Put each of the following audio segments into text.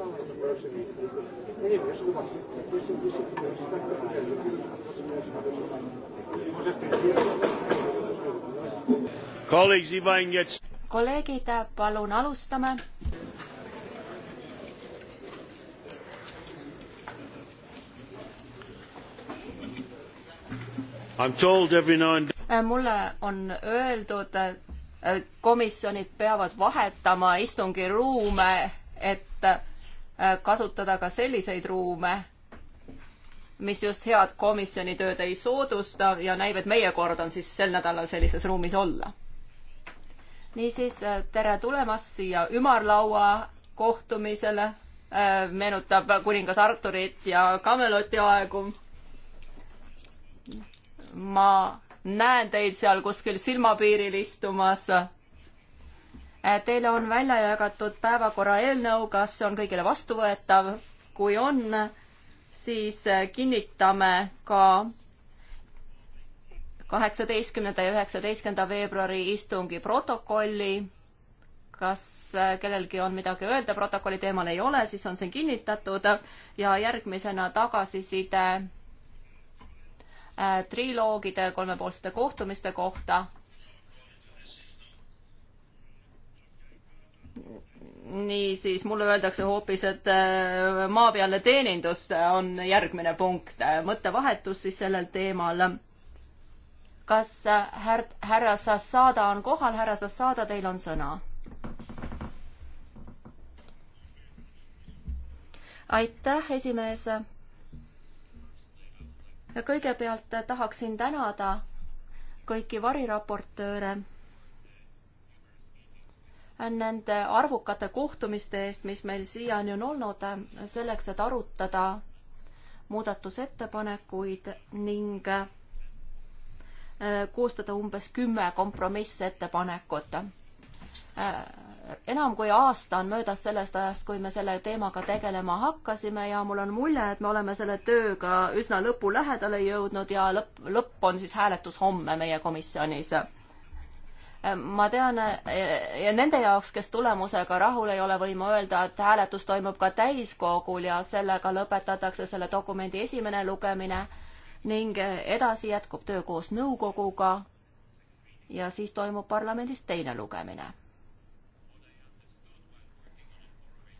самое хорошее место. Я не вижу вас. Если вы сидите, так Kolleegid, kolleegid, palun alustame. And... Äh, mulle on öeldud, äh, komisjonid peavad vahetama istungiruume, et äh, Äh, kasutada ka selliseid ruume, mis just head komisjoni tööd ei soodusta ja näib, et meie kord on siis sel nädalal sellises ruumis olla. niisiis, äh, tere tulemast siia ümarlaua kohtumisele, äh, meenutab kuningas Arturit ja Cameloti aegu. ma näen teid seal kuskil silmapiiril istumas Äh, teile on välja jagatud päevakorra eelnõu, kas see on kõigile vastuvõetav? kui on, siis äh, kinnitame ka kaheksateistkümnenda ja üheksateistkümnenda veebruari istungi protokolli. kas äh, kellelgi on midagi öelda protokolli teemal, ei ole, siis on see kinnitatud ja järgmisena tagasiside triloogide kolmepoolsete kohtumiste kohta niisiis mulle öeldakse hoopis, et äh, maapealne teenindus on järgmine punkt, mõttevahetus siis sellel teemal. kas äh, härra, härra Sassada on kohal, härra Sassada, teil on sõna? aitäh, esimees. kõigepealt tahaksin tänada kõiki variraportööre nende arvukate kohtumiste eest, mis meil siiani on olnud, selleks, et arutada muudatusettepanekuid ning äh, koostada umbes kümme kompromissettepanekut. Äh, enam kui aasta on möödas sellest ajast, kui me selle teemaga tegelema hakkasime ja mul on mulje, et me oleme selle tööga üsna lõpu lähedale jõudnud ja lõpp, lõpp on siis hääletus homme meie komisjonis ma tean eh, ja nende jaoks, kes tulemusega rahul ei ole, võime öelda, et hääletus toimub ka täiskogul ja sellega lõpetatakse selle dokumendi esimene lugemine ning edasi jätkub töö koos nõukoguga ja siis toimub parlamendis teine lugemine.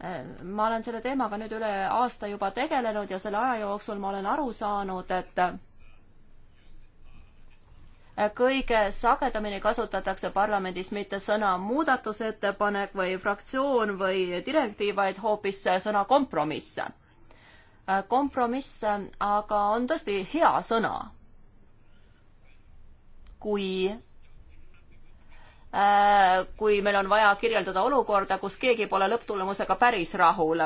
Eh, ma olen selle teemaga nüüd üle aasta juba tegelenud ja selle aja jooksul ma olen aru saanud, et kõige sagedamini kasutatakse parlamendis mitte sõna muudatusettepanek või fraktsioon või direktiiv, vaid hoopis sõna kompromiss. kompromiss aga on tõesti hea sõna, kui äh, kui meil on vaja kirjeldada olukorda, kus keegi pole lõpptulemusega päris rahul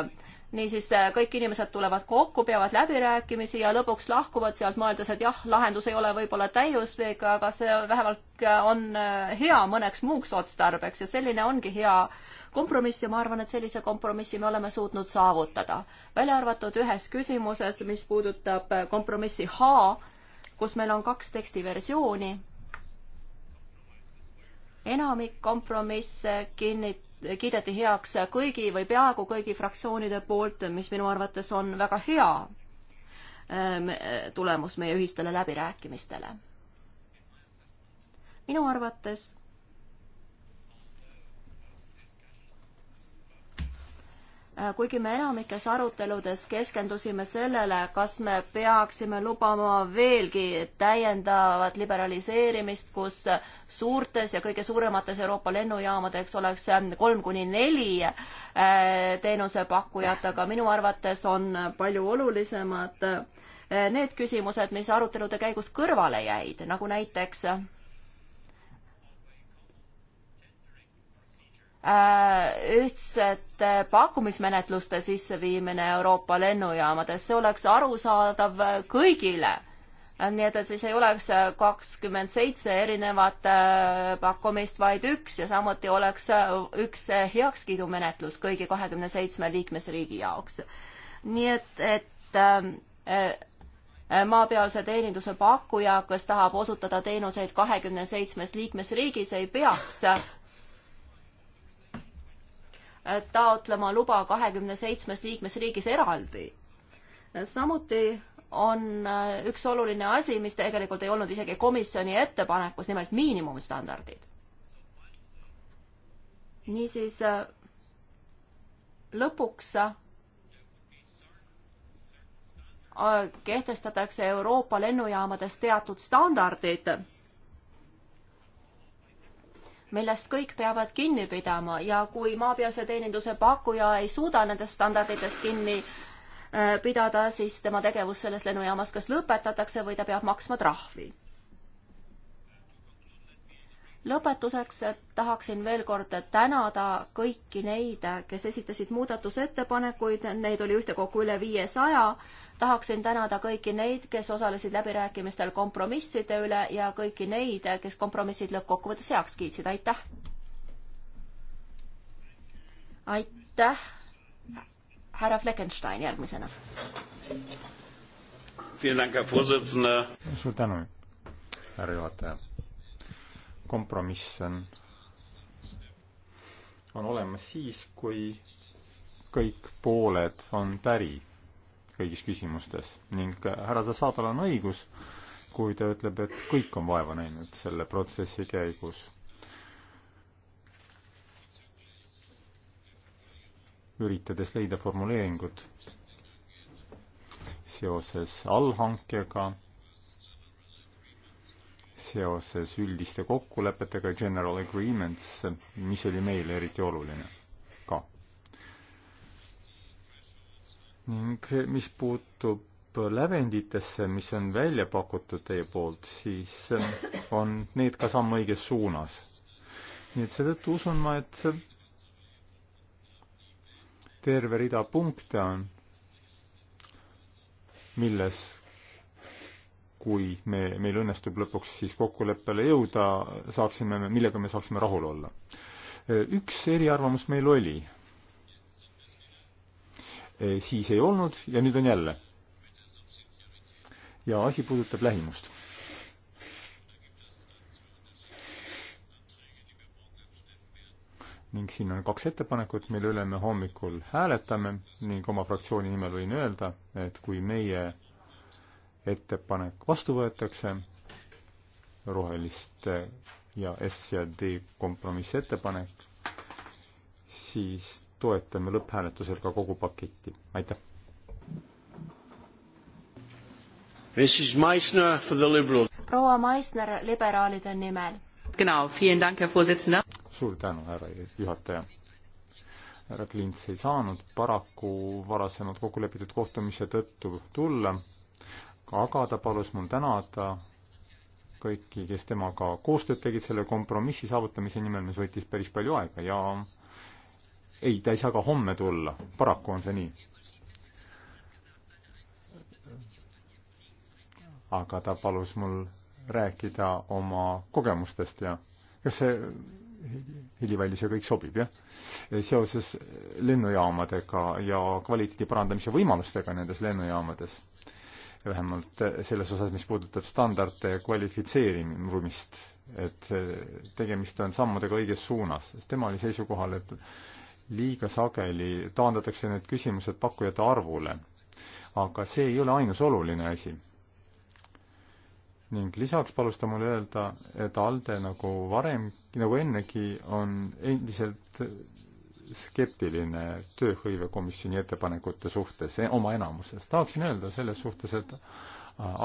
niisiis äh, kõik inimesed tulevad kokku, peavad läbirääkimisi ja lõpuks lahkuvad sealt, mõeldes, et jah, lahendus ei ole võib-olla täiuslik, aga see vähemalt äh, on äh, hea mõneks muuks otstarbeks ja selline ongi hea kompromiss ja ma arvan, et sellise kompromissi me oleme suutnud saavutada. välja arvatud ühes küsimuses, mis puudutab kompromissi H, kus meil on kaks tekstiversiooni. enamik kompromisse kinnitab kiideti heaks kõigi või peaaegu kõigi fraktsioonide poolt, mis minu arvates on väga hea ähm, tulemus meie ühistele läbirääkimistele. minu arvates Äh, kuigi me enamikes aruteludes keskendusime sellele, kas me peaksime lubama veelgi täiendavat liberaliseerimist, kus suurtes ja kõige suuremates Euroopa lennujaamades oleks kolm kuni neli äh, teenusepakkujat, aga minu arvates on palju olulisemad äh, need küsimused, mis arutelude käigus kõrvale jäid, nagu näiteks Äh, ühtsete pakkumismenetluste sisseviimine Euroopa lennujaamades, see oleks arusaadav kõigile. nii et, et siis ei oleks kakskümmend seitse erinevat äh, pakkumist, vaid üks ja samuti oleks äh, üks heakskiidumenetlus kõigi kahekümne seitsme liikmesriigi jaoks. nii et, et äh, maapealse teeninduse pakkuja, kes tahab osutada teenuseid kahekümne seitsmes liikmesriigis, ei peaks taotlema luba kahekümne seitsmes liikmesriigis eraldi. samuti on äh, üks oluline asi, mis tegelikult ei olnud isegi komisjoni ettepanekus, nimelt miinimumstandardid. niisiis äh, lõpuks äh, kehtestatakse Euroopa lennujaamades teatud standardid millest kõik peavad kinni pidama ja kui maapealse teeninduse pakkuja ei suuda nendest standarditest kinni äh, pidada, siis tema tegevus selles lennujaamas kas lõpetatakse või ta peab maksma trahvi lõpetuseks tahaksin veel kord tänada kõiki neid, kes esitasid muudatusettepanekuid, neid oli ühtekokku üle viiesaja. tahaksin tänada kõiki neid, kes osalesid läbirääkimistel kompromisside üle ja kõiki neid, kes kompromissid lõppkokkuvõttes heaks kiitsid, aitäh! aitäh, härra Fleckenstein järgmisena. suur tänu, härra juhataja kompromiss on, on olemas siis, kui kõik pooled on päri kõigis küsimustes ning härra Zassadal on õigus, kui ta ütleb, et kõik on vaeva näinud selle protsessi käigus. üritades leida formuleeringut seoses allhankega seoses üldiste kokkulepetega, general agreements, mis oli meile eriti oluline ka. ning mis puutub lävenditesse, mis on välja pakutud teie poolt, siis on need ka samm õiges suunas. nii et seetõttu usun ma, et terve rida punkte on, milles kui me, meil õnnestub lõpuks siis kokkuleppele jõuda, saaksime me, millega me saaksime rahul olla. üks eriarvamus meil oli. E, siis ei olnud ja nüüd on jälle. ja asi puudutab lähimust. ning siin on kaks ettepanekut, mille üle me hommikul hääletame ning oma fraktsiooni nimel võin öelda, et kui meie ettepanek vastu võetakse, roheliste ja S ja D kompromissettepanek, siis toetame lõpphääletusel ka kogu paketti, aitäh. proua Meissner liberaalide nimel. suur tänu, härra juhataja härra Klints ei saanud paraku varasemalt kokku lepitud kohtumise tõttu tulla, aga ta palus mul tänada kõiki, kes temaga koostööd tegid selle kompromissi saavutamise nimel, mis võttis päris palju aega ja ei, ta ei saa ka homme tulla, paraku on see nii. aga ta palus mul rääkida oma kogemustest ja kas see helivälise kõik sobib, jah. seoses lennujaamadega ja kvaliteedi parandamise võimalustega nendes lennujaamades vähemalt eh, selles osas, mis puudutab standarde ja kvalifitseerimist, et eh, tegemist on sammudega õiges suunas, sest tema oli seisukohal, et liiga sageli taandatakse need küsimused pakkujate arvule. aga see ei ole ainus oluline asi. ning lisaks palus ta mulle öelda, et ALDE nagu varem, nagu ennegi, on endiselt skeptiline tööhõivekomisjoni ettepanekute suhtes e-, oma enamuses. tahaksin öelda selles suhtes, et äh,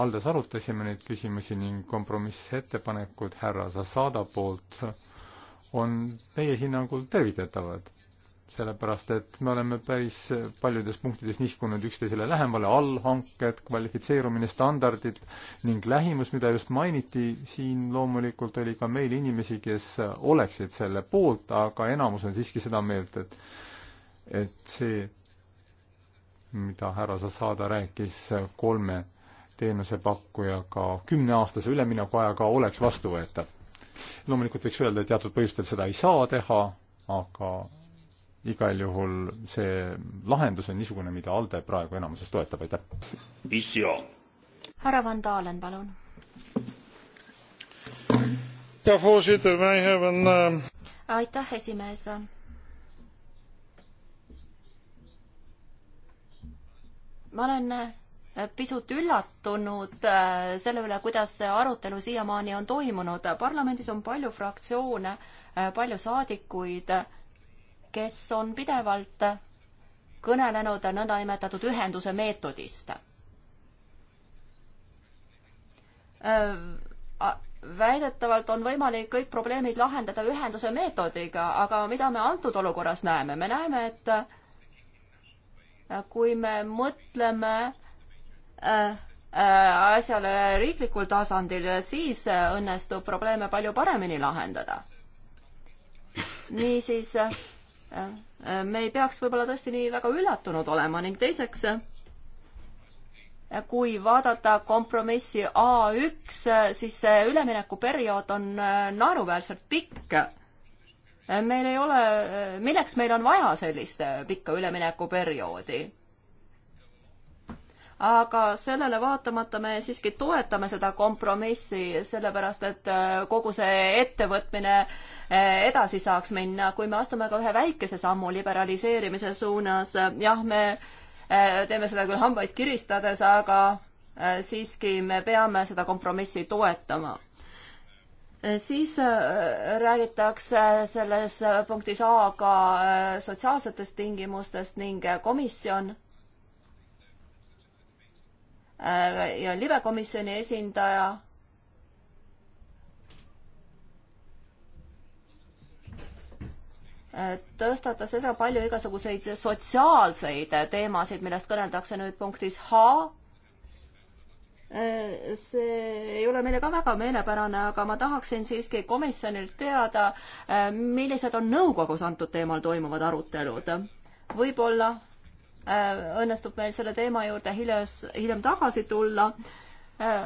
alles arutasime neid küsimusi ning kompromissettepanekud härra Zasada poolt on meie hinnangul tervitatavad sellepärast et me oleme päris paljudes punktides nihkunud üksteisele lähemale, allhanked, kvalifitseerumine, standardid ning lähimus, mida just mainiti, siin loomulikult oli ka meil inimesi, kes oleksid selle poolt, aga enamus on siiski seda meelt, et et see, mida härra Zasada rääkis kolme teenusepakkujaga kümneaastase üleminekuajaga, oleks vastuvõetav. loomulikult võiks öelda, et teatud põhjustel seda ei saa teha, aga igal juhul see lahendus on niisugune, mida ALDE praegu enamuses toetab, aitäh. visioon. härra Van Dalen, palun. Eh, aitäh, esimees. ma olen eh, pisut üllatunud eh, selle üle, kuidas see arutelu siiamaani on toimunud. parlamendis on palju fraktsioone, palju saadikuid kes on pidevalt kõnelenud nõndanimetatud ühenduse meetodist väidetavalt on võimalik kõik probleemid lahendada ühenduse meetodiga, aga mida me antud olukorras näeme? me näeme, et äh, kui me mõtleme äh, äh, asjale riiklikul tasandil, siis õnnestub probleeme palju paremini lahendada. niisiis me ei peaks võib-olla tõesti nii väga üllatunud olema ning teiseks, kui vaadata kompromissi A1, siis see üleminekuperiood on äh, naeruväärselt pikk. meil ei ole, milleks meil on vaja sellist äh, pikka üleminekuperioodi? aga sellele vaatamata me siiski toetame seda kompromissi, sellepärast et äh, kogu see ettevõtmine äh, edasi saaks minna, kui me astume ka ühe väikese sammu liberaliseerimise suunas, äh, jah, me teeme seda küll hambaid kiristades, aga siiski me peame seda kompromissi toetama siis räägitakse selles punktis A ka sotsiaalsetest tingimustest ning komisjon Äh, ja libekomisjoni esindaja. Äh, tõstatas üsna palju igasuguseid sotsiaalseid teemasid, millest kõneldakse nüüd punktis H. Äh, see ei ole meile ka väga meelepärane, aga ma tahaksin siiski komisjonilt teada, millised on nõukogus antud teemal toimuvad arutelud. võib-olla Äh, õnnestub meil selle teema juurde hiljas, hiljem tagasi tulla. Äh,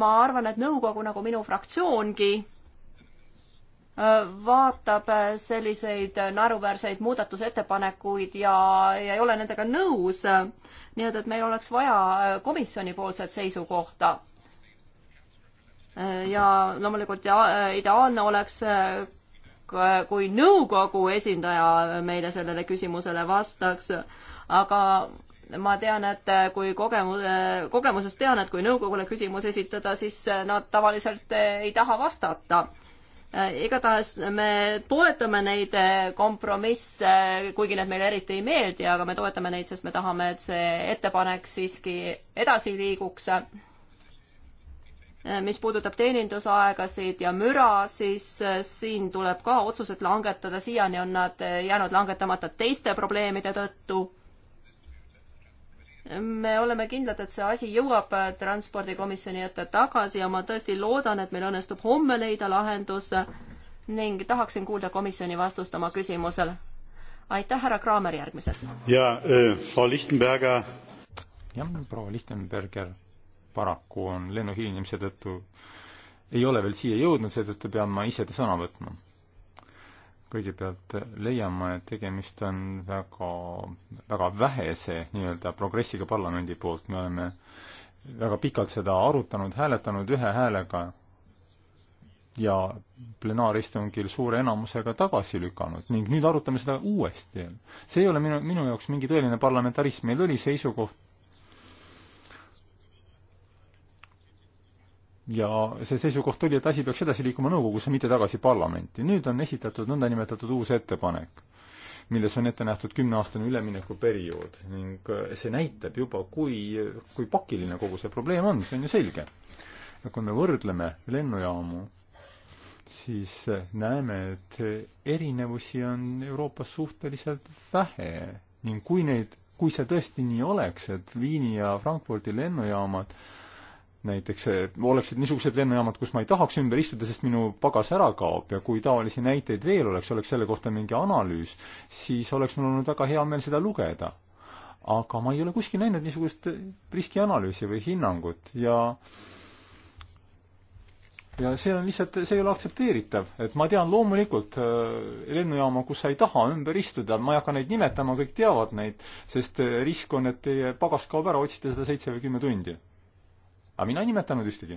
ma arvan, et nõukogu nagu minu fraktsioongi äh, vaatab selliseid naeruväärseid muudatusettepanekuid ja, ja ei ole nendega nõus. nii et, et meil oleks vaja komisjonipoolset seisukohta. ja loomulikult ja ideaalne oleks kui nõukogu esindaja meile sellele küsimusele vastaks, aga ma tean, et kui kogemus, kogemusest tean, et kui nõukogule küsimus esitada, siis nad tavaliselt ei taha vastata. igatahes me toetame neid kompromisse, kuigi need meile eriti ei meeldi, aga me toetame neid, sest me tahame, et see ettepanek siiski edasi liiguks. mis puudutab teenindusaegasid ja müra, siis siin tuleb ka otsused langetada, siiani on nad jäänud langetamata teiste probleemide tõttu me oleme kindlad, et see asi jõuab äh, transpordikomisjoni ette tagasi ja ma tõesti loodan, et meil õnnestub homme leida lahendus ning tahaksin kuulda komisjoni vastust oma küsimusele. aitäh, härra Kraamer, järgmised. ja äh, Frau Lichtenberger. jah, proua Lichtenberger paraku on lennu hilinemise tõttu, ei ole veel siia jõudnud, seetõttu pean ma ise sõna võtma kõigepealt leiame, et tegemist on väga, väga vähese nii-öelda progressiga parlamendi poolt, me oleme väga pikalt seda arutanud, hääletanud ühe häälega ja plenaaristungil suure enamusega tagasi lükanud ning nüüd arutame seda uuesti. see ei ole minu, minu jaoks mingi tõeline parlamentarism, meil oli seisukoht ja see seisukoht oli, et asi peaks edasi liikuma nõukogusse, mitte tagasi parlamenti. nüüd on esitatud nõndanimetatud uus ettepanek, milles on ette nähtud kümneaastane üleminekuperiood ning äh, see näitab juba, kui, kui pakiline kogu see probleem on, see on ju selge. ja kui me võrdleme lennujaamu, siis äh, näeme, et äh, erinevusi on Euroopas suhteliselt vähe ning kui neid, kui see tõesti nii oleks, et Viini ja Frankfurdi lennujaamad näiteks oleksid niisugused lennujaamad, kus ma ei tahaks ümber istuda, sest minu pagas ära kaob ja kui taolisi näiteid veel oleks, oleks selle kohta mingi analüüs, siis oleks mul olnud väga hea meel seda lugeda. aga ma ei ole kuskil näinud niisugust riskianalüüsi või hinnangut ja ja see on lihtsalt, see ei ole aktsepteeritav, et ma tean loomulikult äh, lennujaama, kus sa ei taha ümber istuda, ma ei hakka neid nimetama, kõik teavad neid, sest äh, risk on, et teie pagas kaob ära, otsite seda seitse või kümme tundi aga mina ei nimetanud ühtegi.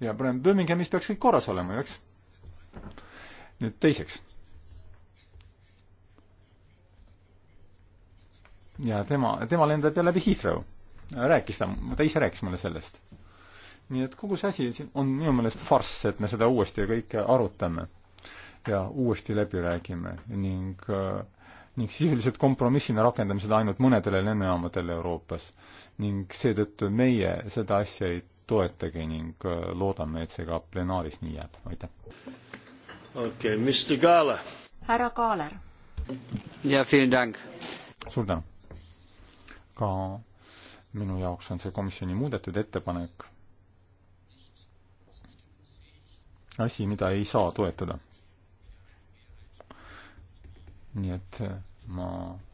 ja praegu Birminghamis peaks kõik korras olema ju, eks? nüüd teiseks. ja tema, tema lendab ju läbi Heathrow. rääkis ta, ta ise rääkis mulle sellest. nii et kogu see asi on minu meelest farss, et me seda uuesti kõike arutame ja uuesti läbi räägime ning äh, ning sisuliselt kompromissina rakendame seda ainult mõnedele lennujaamadele Euroopas. ning seetõttu meie seda asja ei toetagi ning äh, loodame, et see ka plenaaris nii jääb, aitäh. okei okay,, Mr Kaaler. härra Kaaler. jaa, vielen dank. suur tänu. ka minu jaoks on see komisjoni muudetud ettepanek asi, mida ei saa toetada nii et äh, ma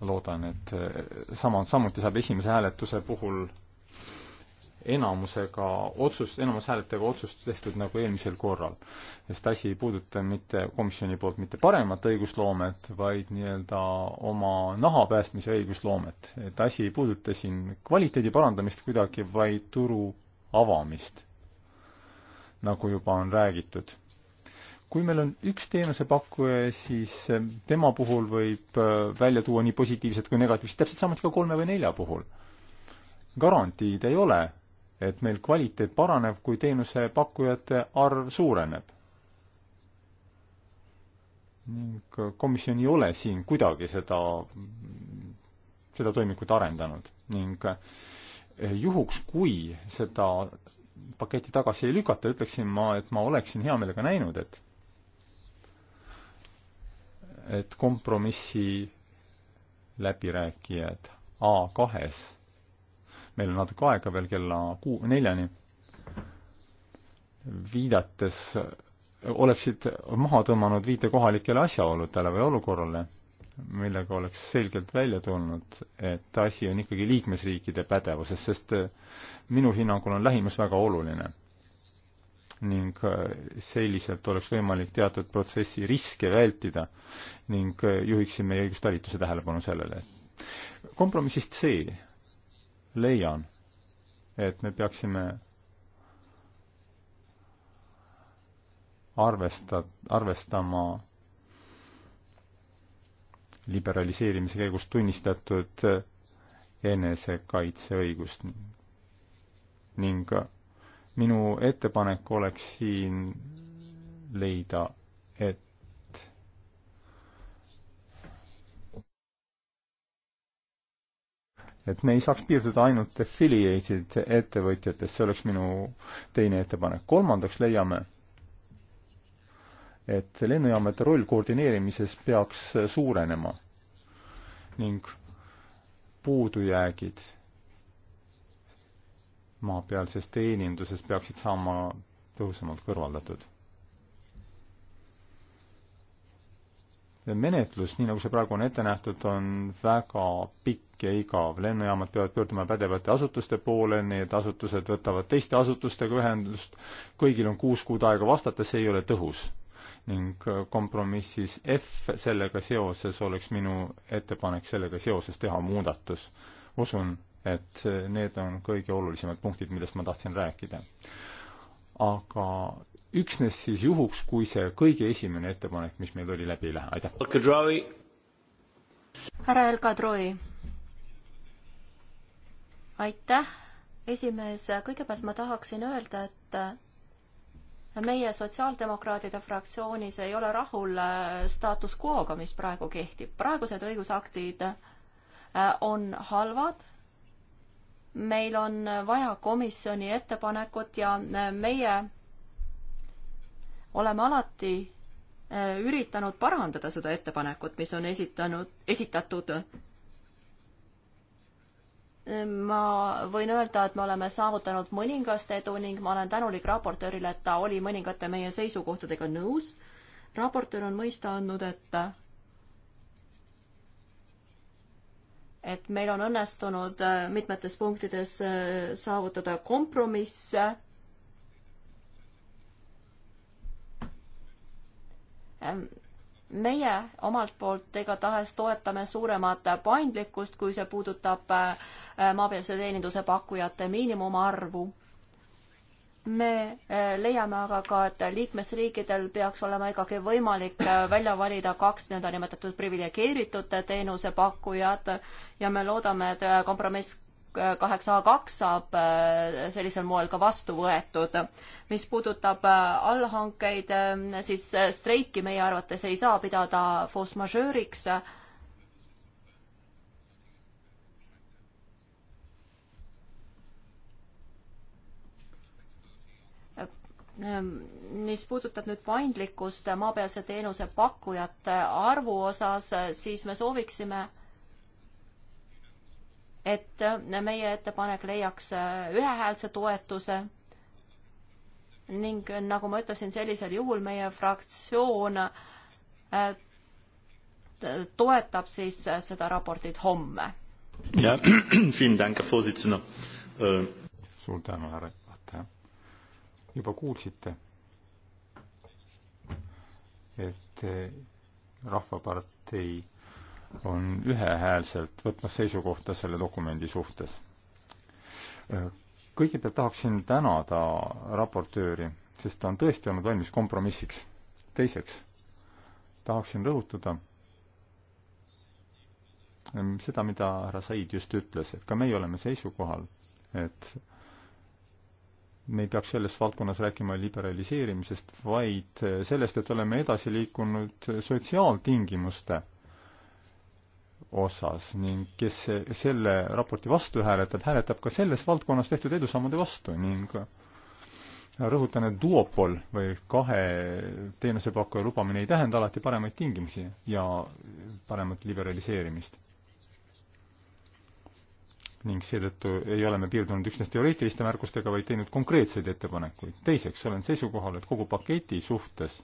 loodan, et äh, sama, samuti saab esimese hääletuse puhul enamusega otsust, enamushääletega otsust tehtud nagu eelmisel korral. sest asi ei puuduta mitte komisjoni poolt mitte paremat õigusloomet, vaid nii-öelda oma naha päästmise õigusloomet. et asi ei puuduta siin kvaliteedi parandamist kuidagi, vaid turu avamist, nagu juba on räägitud kui meil on üks teenusepakkuja, siis eh, tema puhul võib eh, välja tuua nii positiivset kui negatiivset, täpselt samuti ka kolme või nelja puhul. garantiid ei ole, et meil kvaliteet paraneb, kui teenusepakkujate arv suureneb. ning eh, komisjon ei ole siin kuidagi seda, seda toimikut arendanud ning juhuks, kui seda paketi tagasi ei lükata, ütleksin ma, et ma oleksin hea meelega näinud, et et kompromissi läbirääkijad A2-s, meil on natuke aega veel kella kuu, neljani, viidates, oleksid maha tõmmanud viite kohalikele asjaoludele või olukorrale, millega oleks selgelt välja tulnud, et asi on ikkagi liikmesriikide pädevuses, sest minu hinnangul on lähimus väga oluline ning äh, selliselt oleks võimalik teatud protsessi riske vältida ning äh, juhiksin meie õigustalituse tähelepanu sellele. kompromissist C leian, et me peaksime arvesta-, arvestama liberaliseerimise käigus tunnistatud äh, enesekaitseõigust ning minu ettepanek oleks siin leida, et et me ei saaks piirduda ainult affiliated ettevõtjatest, see oleks minu teine ettepanek. kolmandaks leiame, et lennujaamade roll koordineerimises peaks suurenema ning puudujäägid maapealses teeninduses peaksid saama tõhusamalt kõrvaldatud. menetlus, nii nagu see praegu on ette nähtud, on väga pikk ja igav. lennujaamad peavad pöörduma pädevate asutuste poole, need asutused võtavad teiste asutustega ühendust, kõigil on kuus kuud aega vastata, see ei ole tõhus. ning äh, kompromissis F sellega seoses oleks minu ettepanek sellega seoses teha muudatus. usun, et need on kõige olulisemad punktid, millest ma tahtsin rääkida. aga üksnes siis juhuks, kui see kõige esimene ettepanek, mis meil oli, läbi ei lähe, aitäh. härra El Kadroi. aitäh, esimees, kõigepealt ma tahaksin öelda, et meie Sotsiaaldemokraatide fraktsioonis ei ole rahul staatus quo'ga, mis praegu kehtib. praegused õigusaktid on halvad meil on vaja komisjoni ettepanekut ja äh, meie oleme alati äh, üritanud parandada seda ettepanekut, mis on esitanud, esitatud. ma võin öelda, et me oleme saavutanud mõningast edu ning ma olen tänulik raportöörile, et ta oli mõningate meie seisukohtadega nõus. raportöör on mõista andnud, et et meil on õnnestunud äh, mitmetes punktides äh, saavutada kompromisse. Ähm, meie omalt poolt igatahes toetame suuremat paindlikkust, kui see puudutab äh, maapealse teeninduse pakkujate miinimumarvu me äh, leiame aga ka, et liikmesriikidel peaks olema ikkagi võimalik äh, välja valida kaks nõndanimetatud priviligeeritud teenusepakkujat ja me loodame, et äh, kompromiss kaheksa A kaks saab sellisel moel ka vastu võetud. mis puudutab allhankeid, siis streiki meie arvates ei saa pidada force majeure'iks Ehm, mis puudutab nüüd paindlikkust maapealse teenuse pakkujate arvu osas, siis me sooviksime, et meie ettepanek leiaks ühehäälse toetuse ning nagu ma ütlesin, sellisel juhul meie fraktsioon eh, toetab siis seda raportit homme. jah, äh, suur tänu, härra juba kuulsite, et Rahvapartei on ühehäälselt võtmas seisukohta selle dokumendi suhtes. kõigepealt tahaksin tänada raportööri, sest ta on tõesti olnud valmis kompromissiks. teiseks tahaksin rõhutada seda, mida härra Said just ütles, et ka meie oleme seisukohal, et me ei peaks selles valdkonnas rääkima liberaliseerimisest, vaid eh, sellest, et oleme edasi liikunud sotsiaaltingimuste osas ning kes selle raporti vastu hääletab, hääletab ka selles valdkonnas tehtud edusammude vastu ning rõhutan, et duopol või kahe teenusepakkuja lubamine ei tähenda alati paremaid tingimusi ja paremat liberaliseerimist ning seetõttu ei ole me piirdunud üksnes teoreetiliste märkustega, vaid teinud konkreetseid ettepanekuid. teiseks olen seisukohal, et kogu paketi suhtes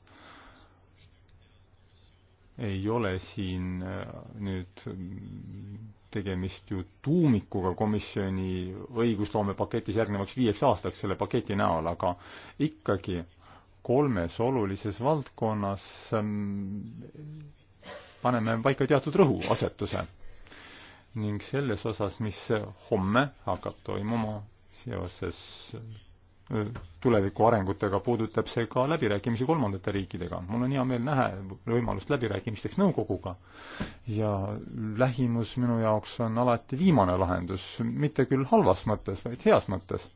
ei ole siin äh, nüüd tegemist ju tuumikuga komisjoni õigusloome paketis järgnevaks viieks aastaks selle paketi näol, aga ikkagi kolmes olulises valdkonnas ähm, paneme paika teatud rõhuasetuse ning selles osas, mis homme hakkab toimuma seoses tuleviku arengutega, puudutab see ka läbirääkimisi kolmandate riikidega. mul on hea meel näha võimalust läbirääkimisteks nõukoguga ja lähimus minu jaoks on alati viimane lahendus, mitte küll halvas mõttes, vaid heas mõttes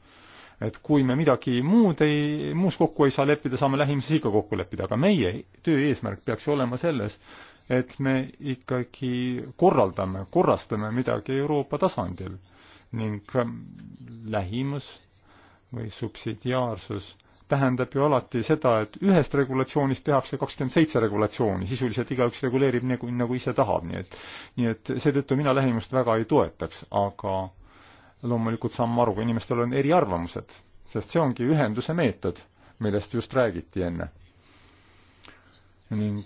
et kui me midagi muud ei, muus kokku ei saa leppida, saame lähimuses ikka kokku leppida, aga meie töö eesmärk peaks ju olema selles, et me ikkagi korraldame, korrastame midagi Euroopa tasandil ning ähm, lähimus või subsidiaarsus tähendab ju alati seda, et ühest regulatsioonist tehakse kakskümmend seitse regulatsiooni, sisuliselt igaüks reguleerib nagu, nagu ise tahab, nii et nii et seetõttu mina lähimust väga ei toetaks, aga loomulikult saan ma aru, kui inimestel on eriarvamused, sest see ongi ühenduse meetod, millest just räägiti enne. ning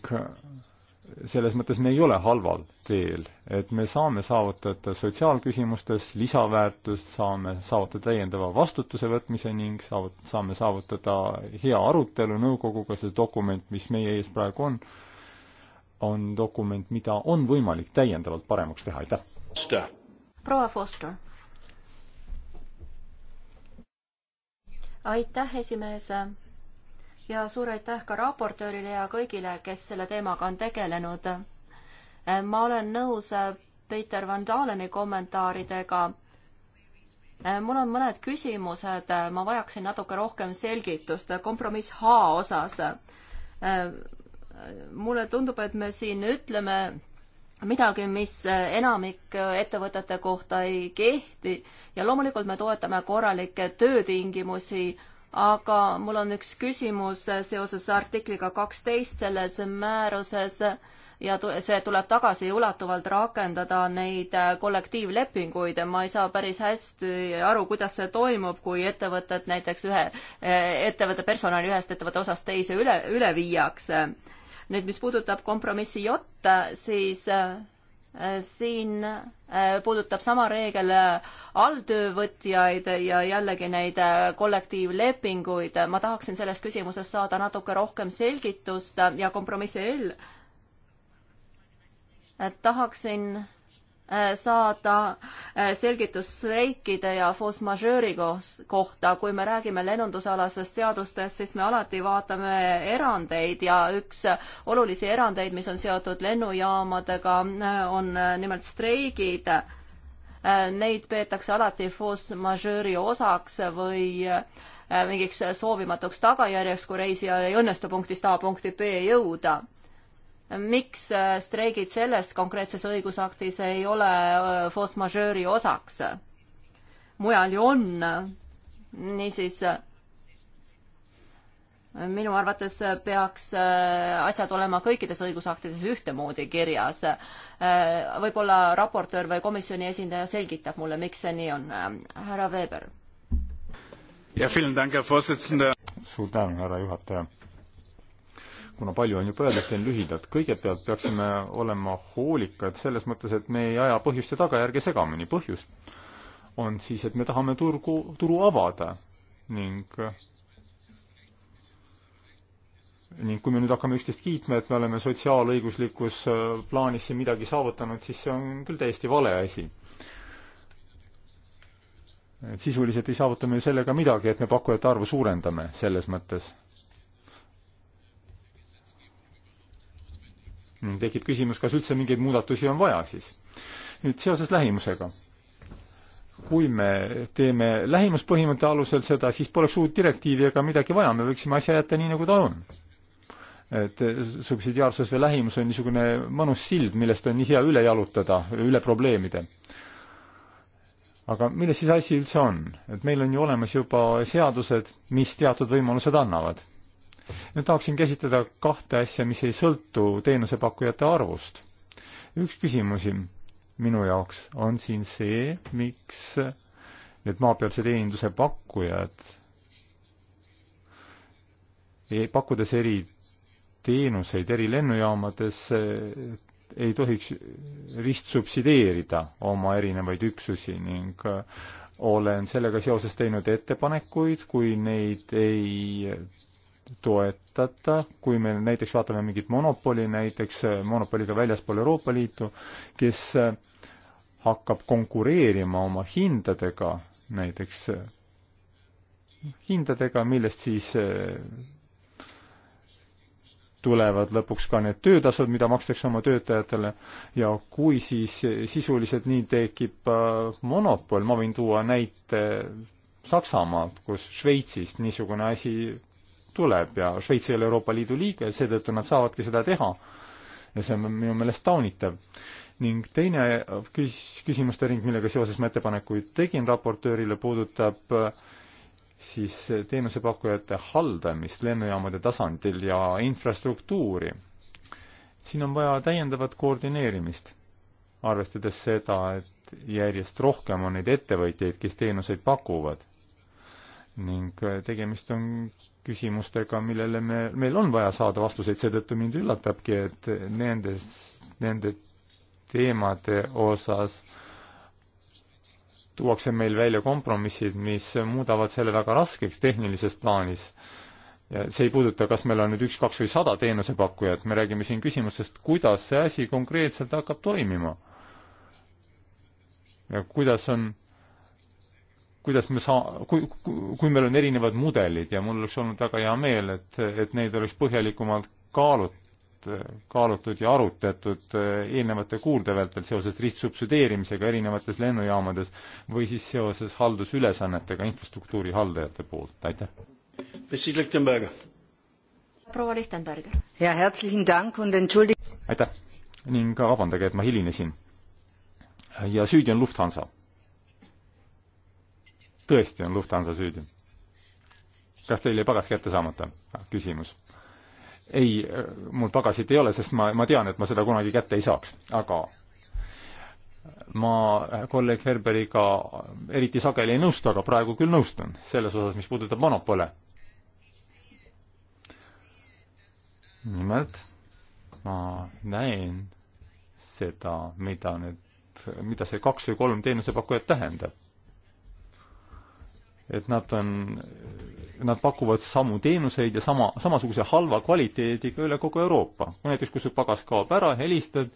selles mõttes me ei ole halval teel, et me saame saavutada sotsiaalküsimustes lisaväärtust, saame saavutada täiendava vastutuse võtmise ning saavut-, saame saavutada hea arutelu nõukoguga, see dokument, mis meie ees praegu on, on dokument, mida on võimalik täiendavalt paremaks teha, aitäh! proua Foster. aitäh, esimees ja suur aitäh ka raportöörile ja kõigile, kes selle teemaga on tegelenud. Äh, ma olen nõus äh, Peter Van Daleni kommentaaridega. Äh, mul on mõned küsimused, ma vajaksin natuke rohkem selgitust kompromiss H osas. mulle tundub, et me siin ütleme midagi, mis enamik ettevõtete kohta ei kehti ja loomulikult me toetame korralikke töötingimusi aga mul on üks küsimus seoses artikliga kaksteist selles määruses ja see tuleb tagasiulatuvalt rakendada neid äh, kollektiivlepinguid. ma ei saa päris hästi aru, kuidas see toimub, kui ettevõtted näiteks ühe äh, ettevõtte personali ühest ettevõtte osast teise üle, üle viiakse. nüüd, mis puudutab kompromissi J, siis äh, siin äh, puudutab sama reegel äh, alltöövõtjaid ja jällegi neid äh, kollektiivlepinguid. ma tahaksin selles küsimuses saada natuke rohkem selgitust ja kompromissi eel tahaksin Äh, saada äh, selgitus streikide ja force majeure'i kohta. kui me räägime lennundusalasest seadustest, siis me alati vaatame erandeid ja üks olulisi erandeid, mis on seotud lennujaamadega, äh, on nimelt streigid. Neid peetakse alati force majeure'i osaks või mingiks soovimatuks tagajärjeks, kui reisijal ei õnnestu punktist A punkti B jõuda miks äh, streigid selles konkreetses õigusaktis ei ole äh, force majeure'i osaks? mujal ju on. niisiis, äh, minu arvates peaks asjad olema kõikides õigusaktides ühtemoodi kirjas. võib-olla raportöör või komisjoni esindaja selgitab mulle, miks see nii on. härra Weber. suur tänu, härra juhataja kuna palju on juba öeldud, teen lühidalt. kõigepealt peaksime olema hoolikad selles mõttes, et me ei aja põhjust ja tagajärge segamini. põhjus on siis, et me tahame turgu, turu avada ning ning kui me nüüd hakkame üksteist kiitma, et me oleme sotsiaalõiguslikus äh, plaanis siin midagi saavutanud, siis see on küll täiesti vale asi. et sisuliselt ei saavuta me sellega midagi, et me pakkujate arvu suurendame selles mõttes ning tekib küsimus, kas üldse mingeid muudatusi on vaja siis. nüüd seoses lähimusega. kui me teeme lähimuspõhimõtte alusel seda, siis poleks uut direktiivi ega midagi vaja, me võiksime asja jätta nii, nagu ta on. et subsidiaarsus või lähimus on niisugune mõnus sild, millest on nii hea üle jalutada, üle probleemide aga milles siis asi üldse on? et meil on ju olemas juba seadused, mis teatud võimalused annavad nüüd tahaksin käsitleda kahte asja, mis ei sõltu teenusepakkujate arvust. üks küsimusi minu jaoks on siin see, miks need maapealse teeninduse pakkujad, pakkudes eri teenuseid eri lennujaamades, ei tohiks ristsubsideerida oma erinevaid üksusi ning olen sellega seoses teinud ettepanekuid, kui neid ei toetada, kui me näiteks vaatame mingit monopoli, näiteks eh, monopoliga väljaspool Euroopa Liitu, kes eh, hakkab konkureerima oma hindadega, näiteks eh, hindadega, millest siis tulevad lõpuks ka need töötasud, mida makstakse oma töötajatele ja kui siis sisuliselt nii tekib monopol, ma võin tuua näite Saksamaalt, kus Šveitsis niisugune asi tuleb ja Šveits ei ole Euroopa Liidu liige, seetõttu nad saavadki seda teha. ja see on minu meelest taunitav. ning teine küs-, küsimuste ring, millega seoses ma ettepanekuid tegin raportöörile, puudutab eh, siis teenusepakkujate haldamist lennujaamade tasandil ja infrastruktuuri. siin on vaja täiendavat koordineerimist, arvestades seda, et järjest rohkem on neid ettevõtjaid, kes teenuseid pakuvad ning äh, tegemist on küsimustega, millele me, meil on vaja saada vastuseid, seetõttu mind üllatabki, et nendes, nende teemade osas tuuakse meil välja kompromissid, mis muudavad selle väga raskeks tehnilises plaanis. ja see ei puuduta, kas meil on nüüd üks, kaks või sada teenusepakkujat, me räägime siin küsimusest, kuidas see asi konkreetselt hakkab toimima. ja kuidas on kuidas me saa-, kui, kui meil on erinevad mudelid ja mul oleks olnud väga hea meel, et, et neid oleks põhjalikumalt kaalut-, kaalutud ja arutatud eh, eelnevate kuude vältel seoses ristsubsideerimisega erinevates lennujaamades või siis seoses haldusülesannetega infrastruktuuri haldajate poolt, aitäh. proua Lichtenberger. aitäh ning vabandage, et ma hilinesin. ja süüdi on Lufthansa tõesti on Lufthansa süüdi? kas teil jäi pagas kätte saamata? Ah, küsimus. ei, mul pagasit ei ole, sest ma, ma tean, et ma seda kunagi kätte ei saaks, aga ma kolleeg Herberiga eriti sageli ei nõustu, aga praegu küll nõustun selles osas, mis puudutab monopole. nimelt ma näen seda, mida need, mida see kaks või kolm teenusepakkujat tähendab et nad on, nad pakuvad samu teenuseid ja sama, samasuguse halva kvaliteediga üle kogu Euroopa. näiteks kui su pagas kaob ära, helistad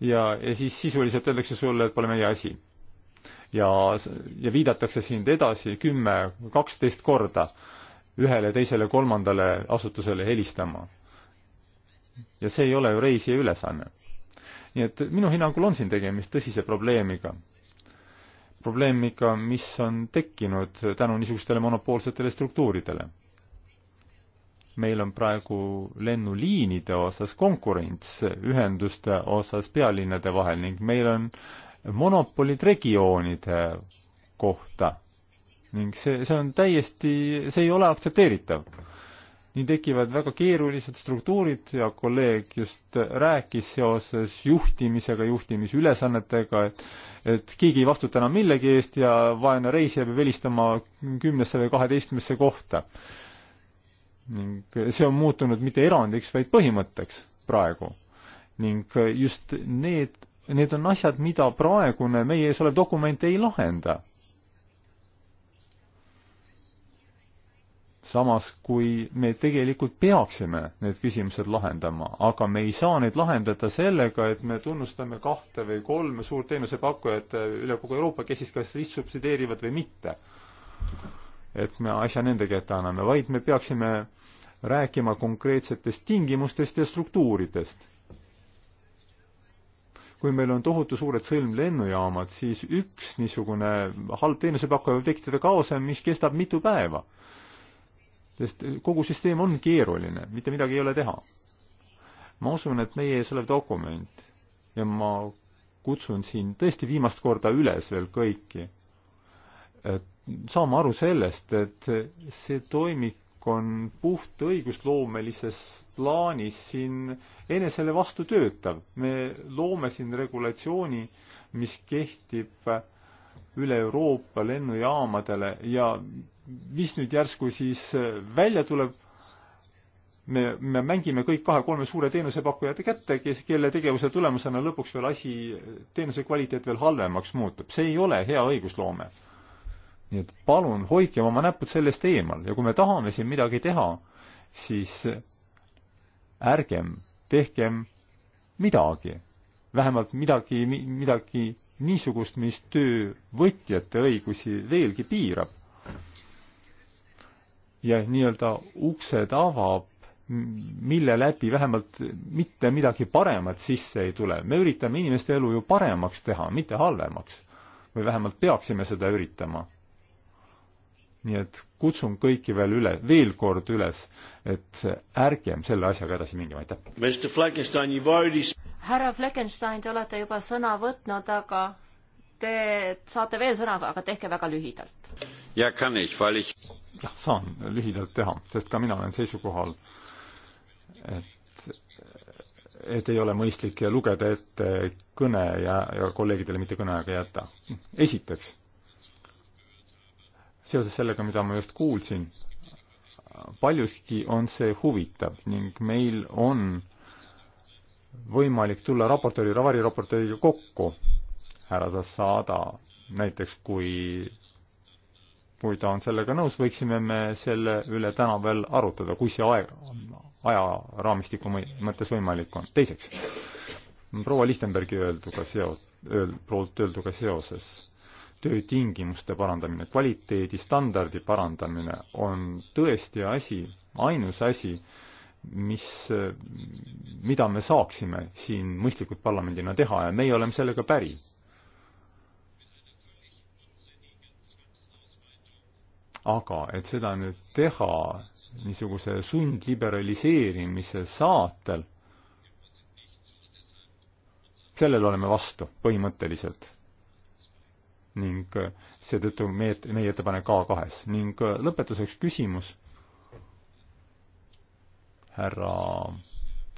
ja, ja siis sisuliselt öeldakse sulle, et pole meie asi. ja, ja viidatakse sind edasi kümme, kaksteist korda ühele, teisele, kolmandale asutusele helistama. ja see ei ole ju reisija ülesanne. nii et minu hinnangul on siin tegemist tõsise probleemiga probleemiga, mis on tekkinud tänu niisugustele monopoolsetele struktuuridele. meil on praegu lennuliinide osas konkurents ühenduste osas pealinnade vahel ning meil on monopolid regioonide kohta ning see, see on täiesti, see ei ole aktsepteeritav nii tekivad väga keerulised struktuurid ja kolleeg just rääkis seoses juhtimisega, juhtimisülesannetega, et et keegi ei vastuta enam millegi eest ja vaene reisija peab helistama kümnesse või kaheteistkümnesse kohta. ning see on muutunud mitte erandiks, vaid põhimõtteks praegu. ning just need, need on asjad, mida praegune meie ees olev dokument ei lahenda samas, kui me tegelikult peaksime need küsimused lahendama, aga me ei saa neid lahendada sellega, et me tunnustame kahte või kolme suurt teenusepakkujat äh, üle kogu Euroopa, kes siis kas ristsubsideerivad või mitte. et me asja nende kätte anname, vaid me peaksime rääkima konkreetsetest tingimustest ja struktuuridest. kui meil on tohutu suured sõlmlennujaamad, siis üks niisugune halb teenusepakkuja võib tekitada kaose, mis kestab mitu päeva sest kogu süsteem on keeruline, mitte midagi ei ole teha. ma usun, et meie ees olev dokument ja ma kutsun siin tõesti viimast korda üles veel kõiki, et saama aru sellest, et see toimik on puht õigusloomelises plaanis siin enesele vastu töötav. me loome siin regulatsiooni, mis kehtib äh, üle Euroopa lennujaamadele ja mis nüüd järsku siis äh, välja tuleb, me, me mängime kõik kahe-kolme suure teenusepakkujate kätte, kes, kelle tegevuse tulemusena lõpuks veel asi, teenuse kvaliteet veel halvemaks muutub. see ei ole hea õigusloome. nii et palun hoidke oma näpud sellest eemal ja kui me tahame siin midagi teha, siis ärgem tehkem midagi, vähemalt midagi, midagi niisugust, mis töövõtjate õigusi veelgi piirab. ja nii-öelda uksed avab, mille läbi vähemalt mitte midagi paremat sisse ei tule. me üritame inimeste elu ju paremaks teha, mitte halvemaks. või vähemalt peaksime seda üritama. nii et kutsun kõiki veel üle, veel kord üles, et ärgem selle asjaga edasi mingim, aitäh härra Fleckenstein, te olete juba sõna võtnud, aga te saate veel sõna, aga tehke väga lühidalt. jah, saan lühidalt teha, sest ka mina olen seisukohal, et et ei ole mõistlik lugeda ette kõne ja, ja kolleegidele mitte kõneaega jätta. esiteks, seoses sellega, mida ma just kuulsin, paljuski on see huvitav ning meil on võimalik tulla raportööri, avariraportööriga kokku, härra Sassada, näiteks kui, kui ta on sellega nõus, võiksime me selle üle täna veel arutada, kui see aeg, ajaraamistiku mõttes võimalik on. teiseks, proua Lichtenbergi öelduga seos, öel-, poolt öelduga seoses, töötingimuste parandamine, kvaliteedistandardi parandamine on tõesti asi, ainus asi, mis, mida me saaksime siin mõistlikult parlamendina teha ja meie oleme sellega päri. aga et seda nüüd teha niisuguse sundliberaliseerimise saatel, sellele oleme vastu põhimõtteliselt ning seetõttu meie, meie ettepanek A kahes. ning lõpetuseks küsimus, härra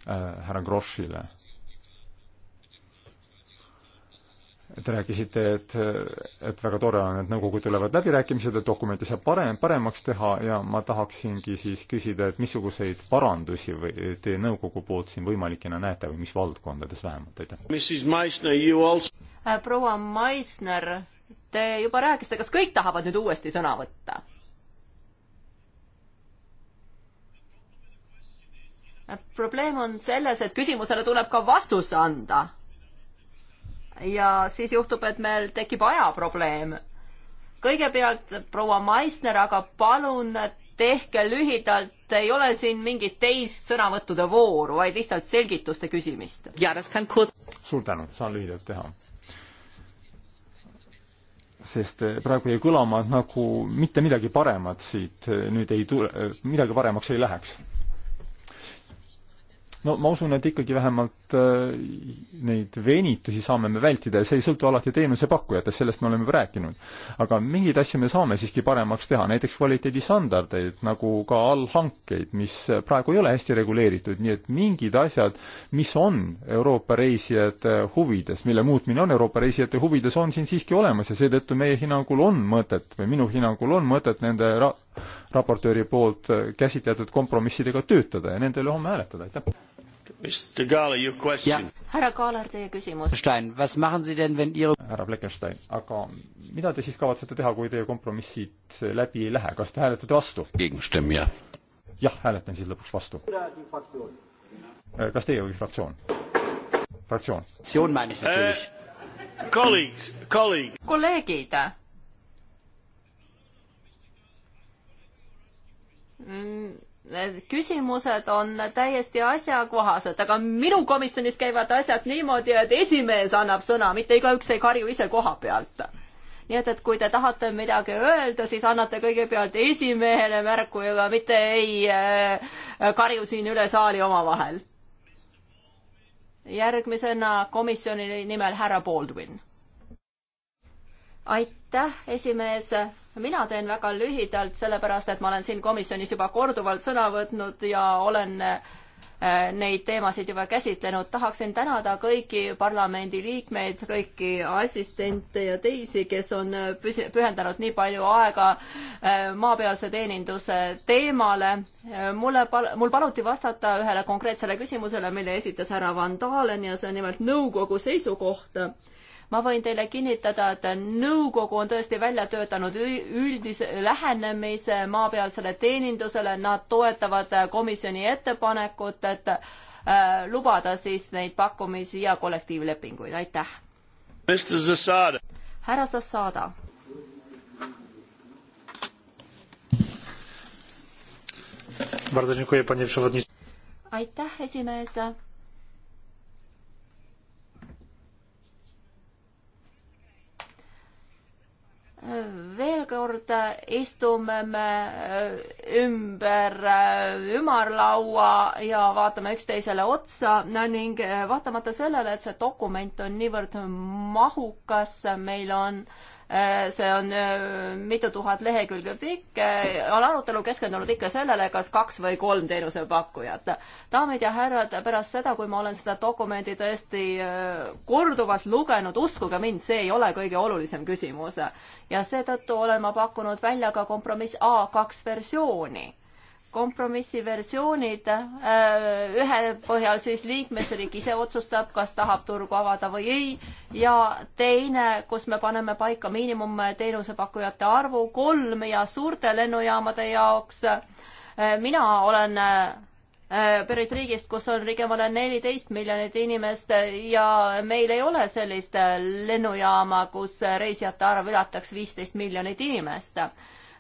äh,, härra Groschile. Te rääkisite, et, et väga tore on, et nõukogu tulevad läbirääkimised, et dokumenti saab parem, paremaks teha ja ma tahaksingi siis küsida, et missuguseid parandusi või te nõukogu poolt siin võimalikena näete või mis valdkondades vähemalt, aitäh. Äh, proua Maisner, te juba rääkisite, kas kõik tahavad nüüd uuesti sõna võtta? probleem on selles, et küsimusele tuleb ka vastus anda. ja siis juhtub, et meil tekib ajaprobleem. kõigepealt proua Maisner, aga palun tehke lühidalt, ei ole siin mingit teist sõnavõttude vooru, vaid lihtsalt selgituste küsimist. suur tänu, saan lühidalt teha sest eh, praegu jäi kõlama, et nagu mitte midagi paremat siit eh, nüüd ei tule, eh, midagi paremaks ei läheks no ma usun, et ikkagi vähemalt äh, neid venitusi saame me vältida ja see ei sõltu alati teenusepakkujatest, sellest me oleme juba rääkinud. aga mingeid asju me saame siiski paremaks teha, näiteks kvaliteedistandardeid, nagu ka allhankeid, mis praegu ei ole hästi reguleeritud, nii et mingid asjad, mis on Euroopa reisijate huvides, mille muutmine on Euroopa reisijate huvides, on siin siiski olemas ja seetõttu meie hinnangul on mõtet või minu hinnangul on mõtet nende ra-, raportööri poolt käsitletud kompromissidega töötada ja nende üle homme hääletada, aitäh! härra Kaaler, teie küsimus. härra Fleckenstein, aga mida te siis kavatsete teha, kui teie kompromissid läbi ei lähe, kas te hääletate vastu? jah, hääletan siis lõpuks vastu. kas teie või fraktsioon? fraktsioon. Eh, kolleegid mm need küsimused on täiesti asjakohased, aga minu komisjonis käivad asjad niimoodi, et esimees annab sõna, mitte igaüks ei karju ise koha pealt. nii et, et kui te tahate midagi öelda, siis annate kõigepealt esimehele märku ja mitte ei äh, karju siin üle saali omavahel. järgmisena komisjoni nimel härra Baldwin. aitäh, esimees mina teen väga lühidalt, sellepärast et ma olen siin komisjonis juba korduvalt sõna võtnud ja olen äh, neid teemasid juba käsitlenud. tahaksin tänada kõiki parlamendiliikmeid, kõiki assistente ja teisi, kes on äh, püsi-, pühendanud nii palju aega äh, maapealse teeninduse teemale. mulle pal-, mul paluti vastata ühele konkreetsele küsimusele, mille esitas härra Van Dalen ja see on nimelt nõukogu seisukoht ma võin teile kinnitada, et nõukogu on tõesti välja töötanud üldise lähenemise maapealsele teenindusele, nad toetavad komisjoni ettepanekut, et äh, lubada siis neid pakkumisi ja kollektiivlepinguid, aitäh. härra Zassada. aitäh, esimees veel kord istume me äh, ümber äh, ümarlaua ja vaatame üksteisele otsa ning äh, vaatamata sellele, et see dokument on niivõrd mahukas, meil on äh, Äh, see on äh, mitu tuhat lehekülge pikk, on äh, arutelu keskendunud ikka sellele, kas kaks või kolm teenusepakkujat. daamid ja härrad, pärast seda, kui ma olen seda dokumenti tõesti korduvalt lugenud, uskuge mind, see ei ole kõige olulisem küsimus. ja seetõttu olen ma pakkunud välja ka kompromiss A kaks versiooni kompromissiversioonid, äh, ühe põhjal siis liikmesriik ise otsustab, kas tahab turgu avada või ei, ja teine, kus me paneme paika miinimumteenusepakkujate arvu kolm ja suurte lennujaamade jaoks. Äh, mina olen äh, pärit riigist, kus on ligemale neliteist miljonit inimest ja meil ei ole sellist lennujaama, kus reisijate arv ületaks viisteist miljonit inimest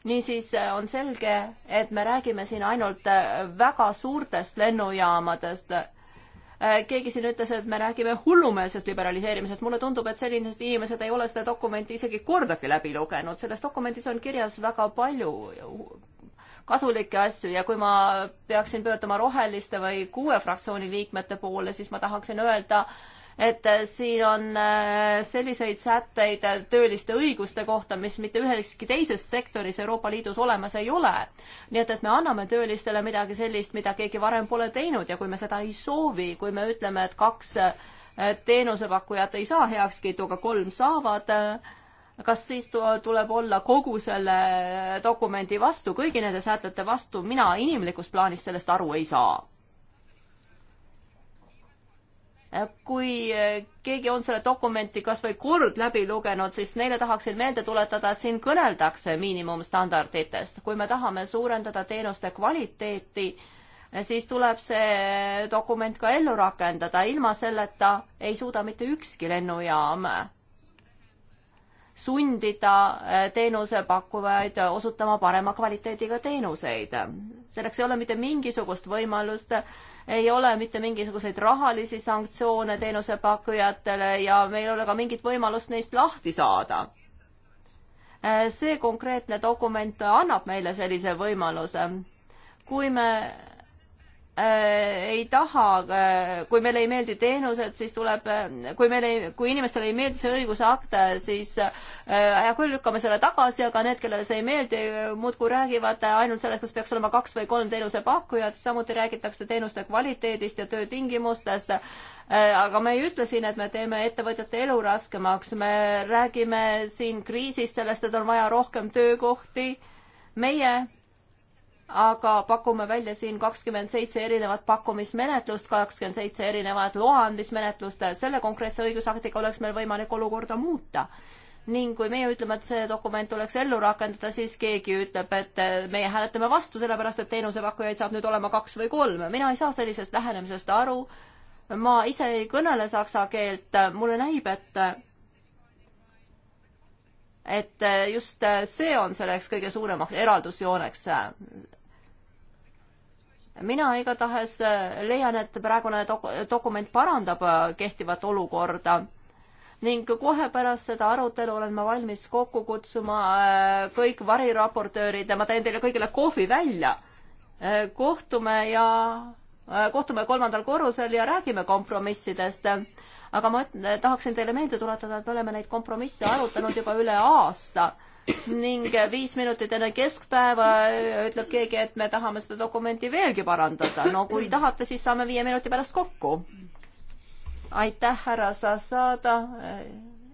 niisiis äh, on selge, et me räägime siin ainult äh, väga suurtest lennujaamadest. Äh, keegi siin ütles, et me räägime hullumeelsest liberaliseerimisest. mulle tundub, et sellised inimesed ei ole seda dokumenti isegi kordagi läbi lugenud. selles dokumendis on kirjas väga palju kasulikke asju ja kui ma peaksin pöörduma roheliste või kuue fraktsiooni liikmete poole, siis ma tahaksin öelda, et äh, siin on äh, selliseid sätteid äh, tööliste õiguste kohta, mis mitte üheski teises sektoris Euroopa Liidus olemas ei ole. nii et, et me anname töölistele midagi sellist, mida keegi varem pole teinud ja kui me seda ei soovi, kui me ütleme, et kaks teenusepakkujat ei saa heakskiitu, aga kolm saavad, kas siis tuleb olla kogu selle dokumendi vastu, kõigi nende sätete vastu, mina inimlikus plaanis sellest aru ei saa kui eh, keegi on selle dokumenti kas või kord läbi lugenud, siis neile tahaksin meelde tuletada, et siin kõneldakse miinimumstandarditest. kui me tahame suurendada teenuste kvaliteeti, eh, siis tuleb see dokument ka ellu rakendada, ilma selleta ei suuda mitte ükski lennujaam sundida äh, teenusepakkujaid osutama parema kvaliteediga teenuseid. selleks ei ole mitte mingisugust võimalust, ei ole mitte mingisuguseid rahalisi sanktsioone teenusepakkujatele ja meil ei ole ka mingit võimalust neist lahti saada. Äh, see konkreetne dokument annab meile sellise võimaluse. kui me Äh, ei taha, äh, kui meile ei meeldi teenused, siis tuleb, äh, kui meile, kui inimestele ei meeldi see õigusakt, siis hea küll, lükkame selle tagasi, aga need, kellele see ei meeldi, muudkui räägivad ainult sellest, kas peaks olema kaks või kolm teenusepakkujat, samuti räägitakse teenuste kvaliteedist ja töötingimustest. aga me ei ütle siin, et me teeme ettevõtjate elu raskemaks, me räägime siin kriisist, sellest, et on vaja rohkem töökohti meie aga pakume välja siin kakskümmend seitse erinevat pakkumismenetlust, kakskümmend seitse erinevat loa andmismenetlust, selle konkreetse õigusaktiga oleks meil võimalik olukorda muuta. ning kui meie ütleme, et see dokument tuleks ellu rakendada, siis keegi ütleb, et meie hääletame vastu, sellepärast et teenusepakkujaid saab nüüd olema kaks või kolm. mina ei saa sellisest lähenemisest aru, ma ise ei kõnele saksa keelt, mulle näib, et et just see on selleks kõige suuremaks eraldusjooneks mina igatahes äh, leian, et praegune dok-, dokument parandab äh, kehtivat olukorda ning kohe pärast seda arutelu olen ma valmis kokku kutsuma äh, kõik variraportöörid ja ma teen teile kõigile kohvi välja. kohtume ja kohtume kolmandal korrusel ja räägime kompromissidest. aga ma tahaksin teile meelde tuletada, et me oleme neid kompromisse arutanud juba üle aasta ning viis minutit enne keskpäeva ütleb keegi, et me tahame seda dokumenti veelgi parandada. no kui tahate, siis saame viie minuti pärast kokku. aitäh, härra Sassada.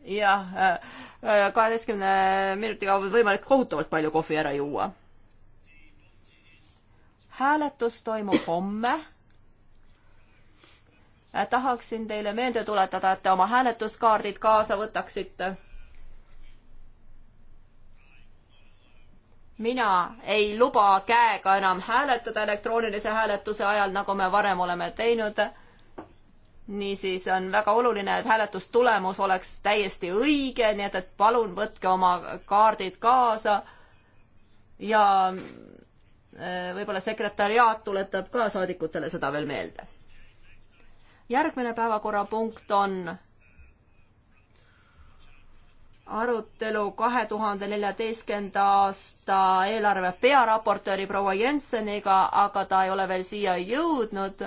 jah, äh, äh, kaheteistkümne minutiga on võimalik kohutavalt palju kohvi ära juua. hääletus toimub homme äh, tahaksin teile meelde tuletada, et te oma hääletuskaardid kaasa võtaksite mina ei luba käega enam hääletada elektroonilise hääletuse ajal, nagu me varem oleme teinud. niisiis on väga oluline, et hääletustulemus oleks täiesti õige, nii et, et palun võtke oma kaardid kaasa ja e, võib-olla sekretäriaat tuletab ka saadikutele seda veel meelde. järgmine päevakorrapunkt on arutelu kahe tuhande neljateistkümnenda aasta eelarve pearaportööri proua Jenseniga, aga ta ei ole veel siia jõudnud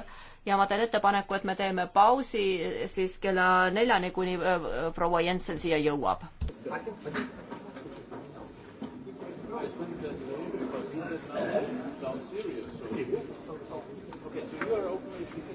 ja ma teen ettepaneku, et me teeme pausi siis kella neljani, kuni äh, äh, proua Jensen siia jõuab. Okay, so you are open.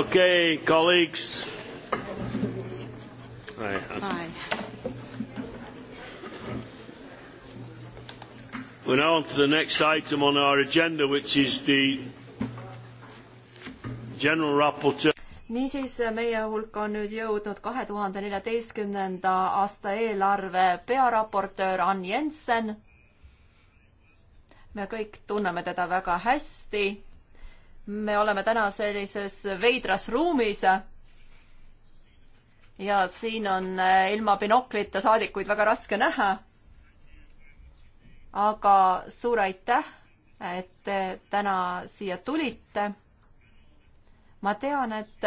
Okay, colleagues. Hi. We're now on to the next item on our agenda, which is the general rapporteur. niisiis, meie hulka on nüüd jõudnud kahe tuhande neljateistkümnenda aasta eelarve pearaportöör Ann Jensen. me kõik tunneme teda väga hästi me oleme täna sellises veidras ruumis. ja siin on eh, ilma binoklita saadikuid väga raske näha. aga suur aitäh, et te täna siia tulite. ma tean, et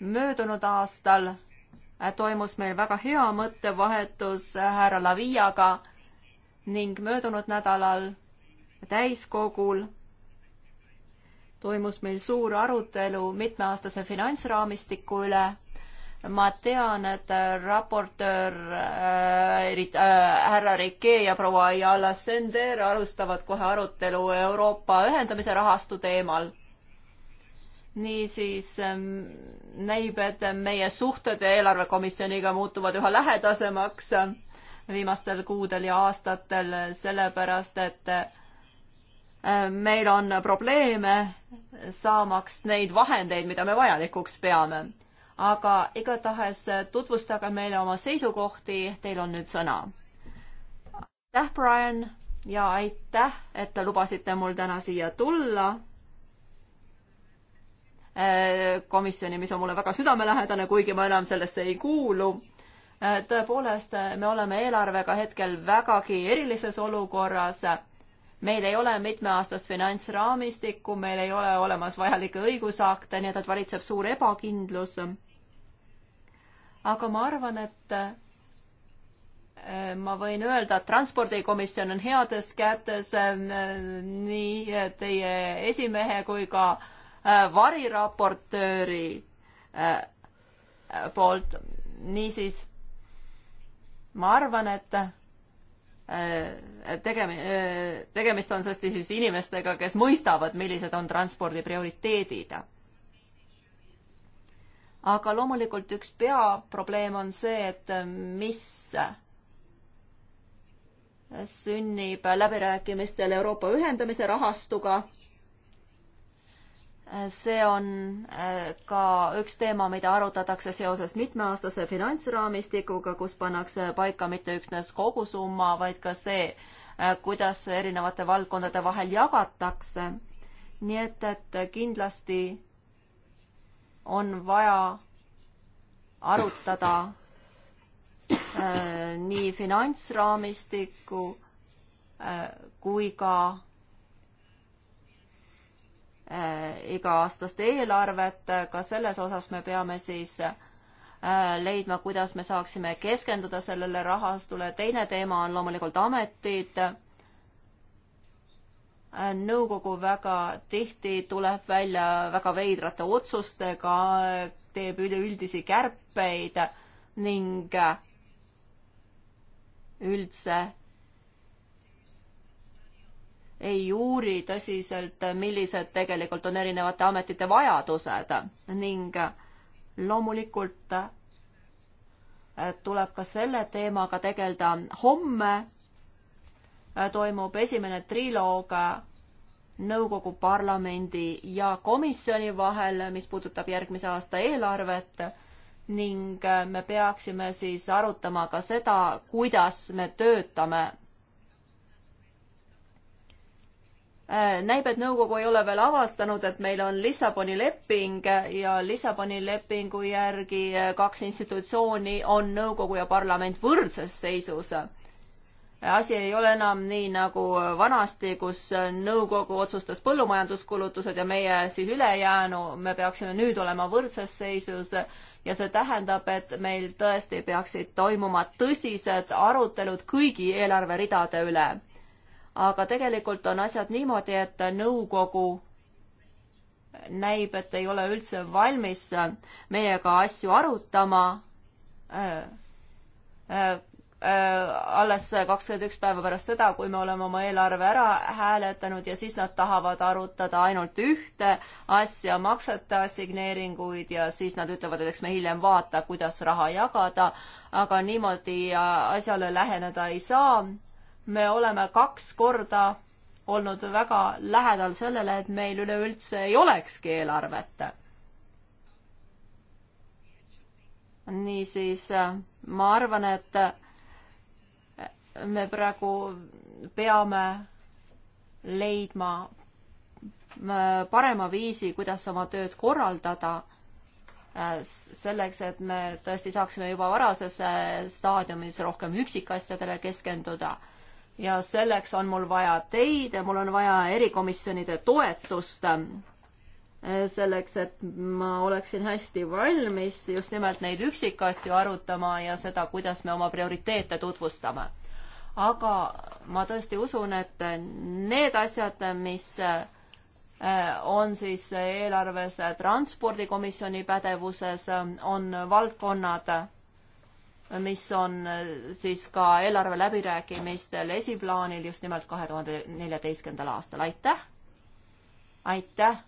möödunud aastal eh, toimus meil väga hea mõttevahetus eh, härra Laviaga ning möödunud nädalal täiskogul toimus meil suur arutelu mitmeaastase finantsraamistiku üle. ma tean, et raportöör äh, äh, härra äh, Rikee ja proua Ayala Sender alustavad kohe arutelu Euroopa ühendamise rahastu teemal niisiis ähm, näib, et meie suhted eelarvekomisjoniga muutuvad üha lähedasemaks viimastel kuudel ja aastatel, sellepärast et Äh, meil on probleeme saamaks neid vahendeid, mida me vajalikuks peame. aga igatahes äh, tutvustage meile oma seisukohti, teil on nüüd sõna. aitäh, Brian ja aitäh, et te lubasite mul täna siia tulla. Äh, komisjoni, mis on mulle väga südamelähedane, kuigi ma enam sellesse ei kuulu tõepoolest, me oleme eelarvega hetkel vägagi erilises olukorras meil ei ole mitmeaastast finantsraamistikku, meil ei ole olemas vajalikke õigusakte, nii et, et valitseb suur ebakindlus. aga ma arvan, et äh, ma võin öelda, et transpordikomisjon on heades kätes äh, nii teie esimehe kui ka äh, variraportööri poolt. niisiis, ma arvan, et Äh, tegemi-, äh, tegemist on tõesti siis inimestega, kes mõistavad, millised on transpordi prioriteedid. aga loomulikult üks peaprobleem on see, et äh, mis sünnib läbirääkimistel Euroopa ühendamise rahastuga see on äh, ka üks teema, mida arutatakse seoses mitmeaastase finantsraamistikuga, kus pannakse paika mitte üksnes kogusumma, vaid ka see, äh, kuidas erinevate valdkondade vahel jagatakse. nii et, et kindlasti on vaja arutada äh, nii finantsraamistikku äh, kui ka Äh, iga-aastast eelarvet, ka selles osas me peame siis äh, leidma, kuidas me saaksime keskenduda sellele rahastule. teine teema on loomulikult ametid. Äh, nõukogu väga tihti tuleb välja väga veidrate otsustega, teeb üleüldisi kärpeid ning üldse ei uuri tõsiselt, millised tegelikult on erinevate ametite vajadused ning loomulikult äh, tuleb ka selle teemaga tegeleda. homme äh, toimub esimene triloog äh, nõukogu, parlamendi ja komisjoni vahel, mis puudutab järgmise aasta eelarvet ning me peaksime siis arutama ka seda, kuidas me töötame Äh, näib, et nõukogu ei ole veel avastanud, et meil on Lissaboni leping ja Lissaboni lepingu järgi äh, kaks institutsiooni on nõukogu ja parlament võrdses seisus. Äh, asi ei ole enam nii nagu vanasti, kus nõukogu otsustas põllumajanduskulutused ja meie siis ülejäänu, me peaksime nüüd olema võrdses seisus ja see tähendab, et meil tõesti peaksid toimuma tõsised arutelud kõigi eelarveridade üle aga tegelikult on asjad niimoodi, et nõukogu näib, et ei ole üldse valmis meiega asju arutama äh, äh,. Äh, alles kakskümmend üks päeva pärast seda, kui me oleme oma eelarve ära hääletanud ja siis nad tahavad arutada ainult ühte asja, maksete assigneeringuid ja siis nad ütlevad, et eks me hiljem vaata, kuidas raha jagada, aga niimoodi asjale läheneda ei saa me oleme kaks korda olnud väga lähedal sellele, et meil üleüldse ei olekski eelarvet. niisiis ma arvan, et me praegu peame leidma parema viisi, kuidas oma tööd korraldada, selleks, et me tõesti saaksime juba varases staadiumis rohkem üksikasjadele keskenduda ja selleks on mul vaja teid ja mul on vaja erikomisjonide toetust äh, selleks, et ma oleksin hästi valmis just nimelt neid üksikasju arutama ja seda, kuidas me oma prioriteete tutvustame. aga ma tõesti usun, et need asjad, mis äh, on siis eelarves transpordikomisjoni pädevuses, äh, on valdkonnad, mis on äh, siis ka eelarve läbirääkimistel esiplaanil just nimelt kahe tuhande neljateistkümnendal aastal, aitäh! aitäh!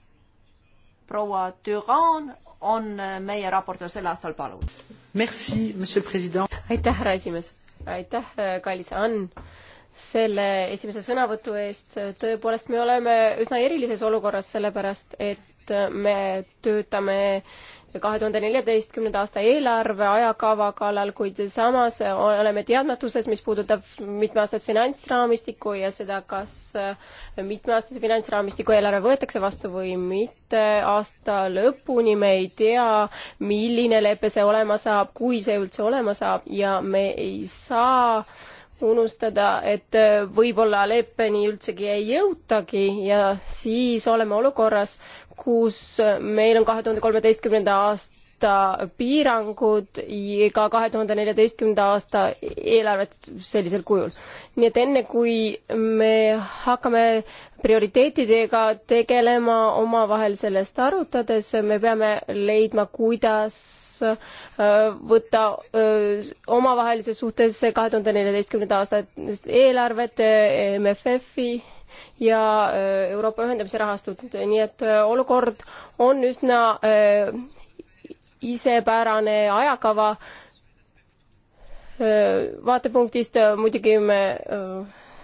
proua Düran on äh, meie raportöör sel aastal, palun! aitäh, härra esimees! aitäh, äh, kallis Ann! selle esimese sõnavõtu eest. tõepoolest, me oleme üsna erilises olukorras, sellepärast et me töötame äh, kahe tuhande neljateistkümnenda aasta eelarve ajakava kallal, kuid samas oleme teadmatuses, mis puudutab mitmeaastast finantsraamistikku ja seda, kas mitmeaastase finantsraamistiku eelarve võetakse vastu või mitte. aasta lõpuni me ei tea, milline lepe see olema saab, kui see üldse olema saab ja me ei saa unustada, et võib-olla leppeni üldsegi ei jõutagi ja siis oleme olukorras, kus meil on kahe tuhande kolmeteistkümnenda aasta piirangud ka kahe tuhande neljateistkümnenda aasta eelarvet sellisel kujul. nii et enne, kui me hakkame prioriteetidega tegelema omavahel sellest arutades, me peame leidma, kuidas äh, võtta äh, omavahelises suhtes kahe tuhande neljateistkümnenda aasta eelarvet, äh, MFF-i ja äh, Euroopa ühendamise rahastut, nii et äh, olukord on üsna äh, isepärane ajakava vaatepunktist muidugi me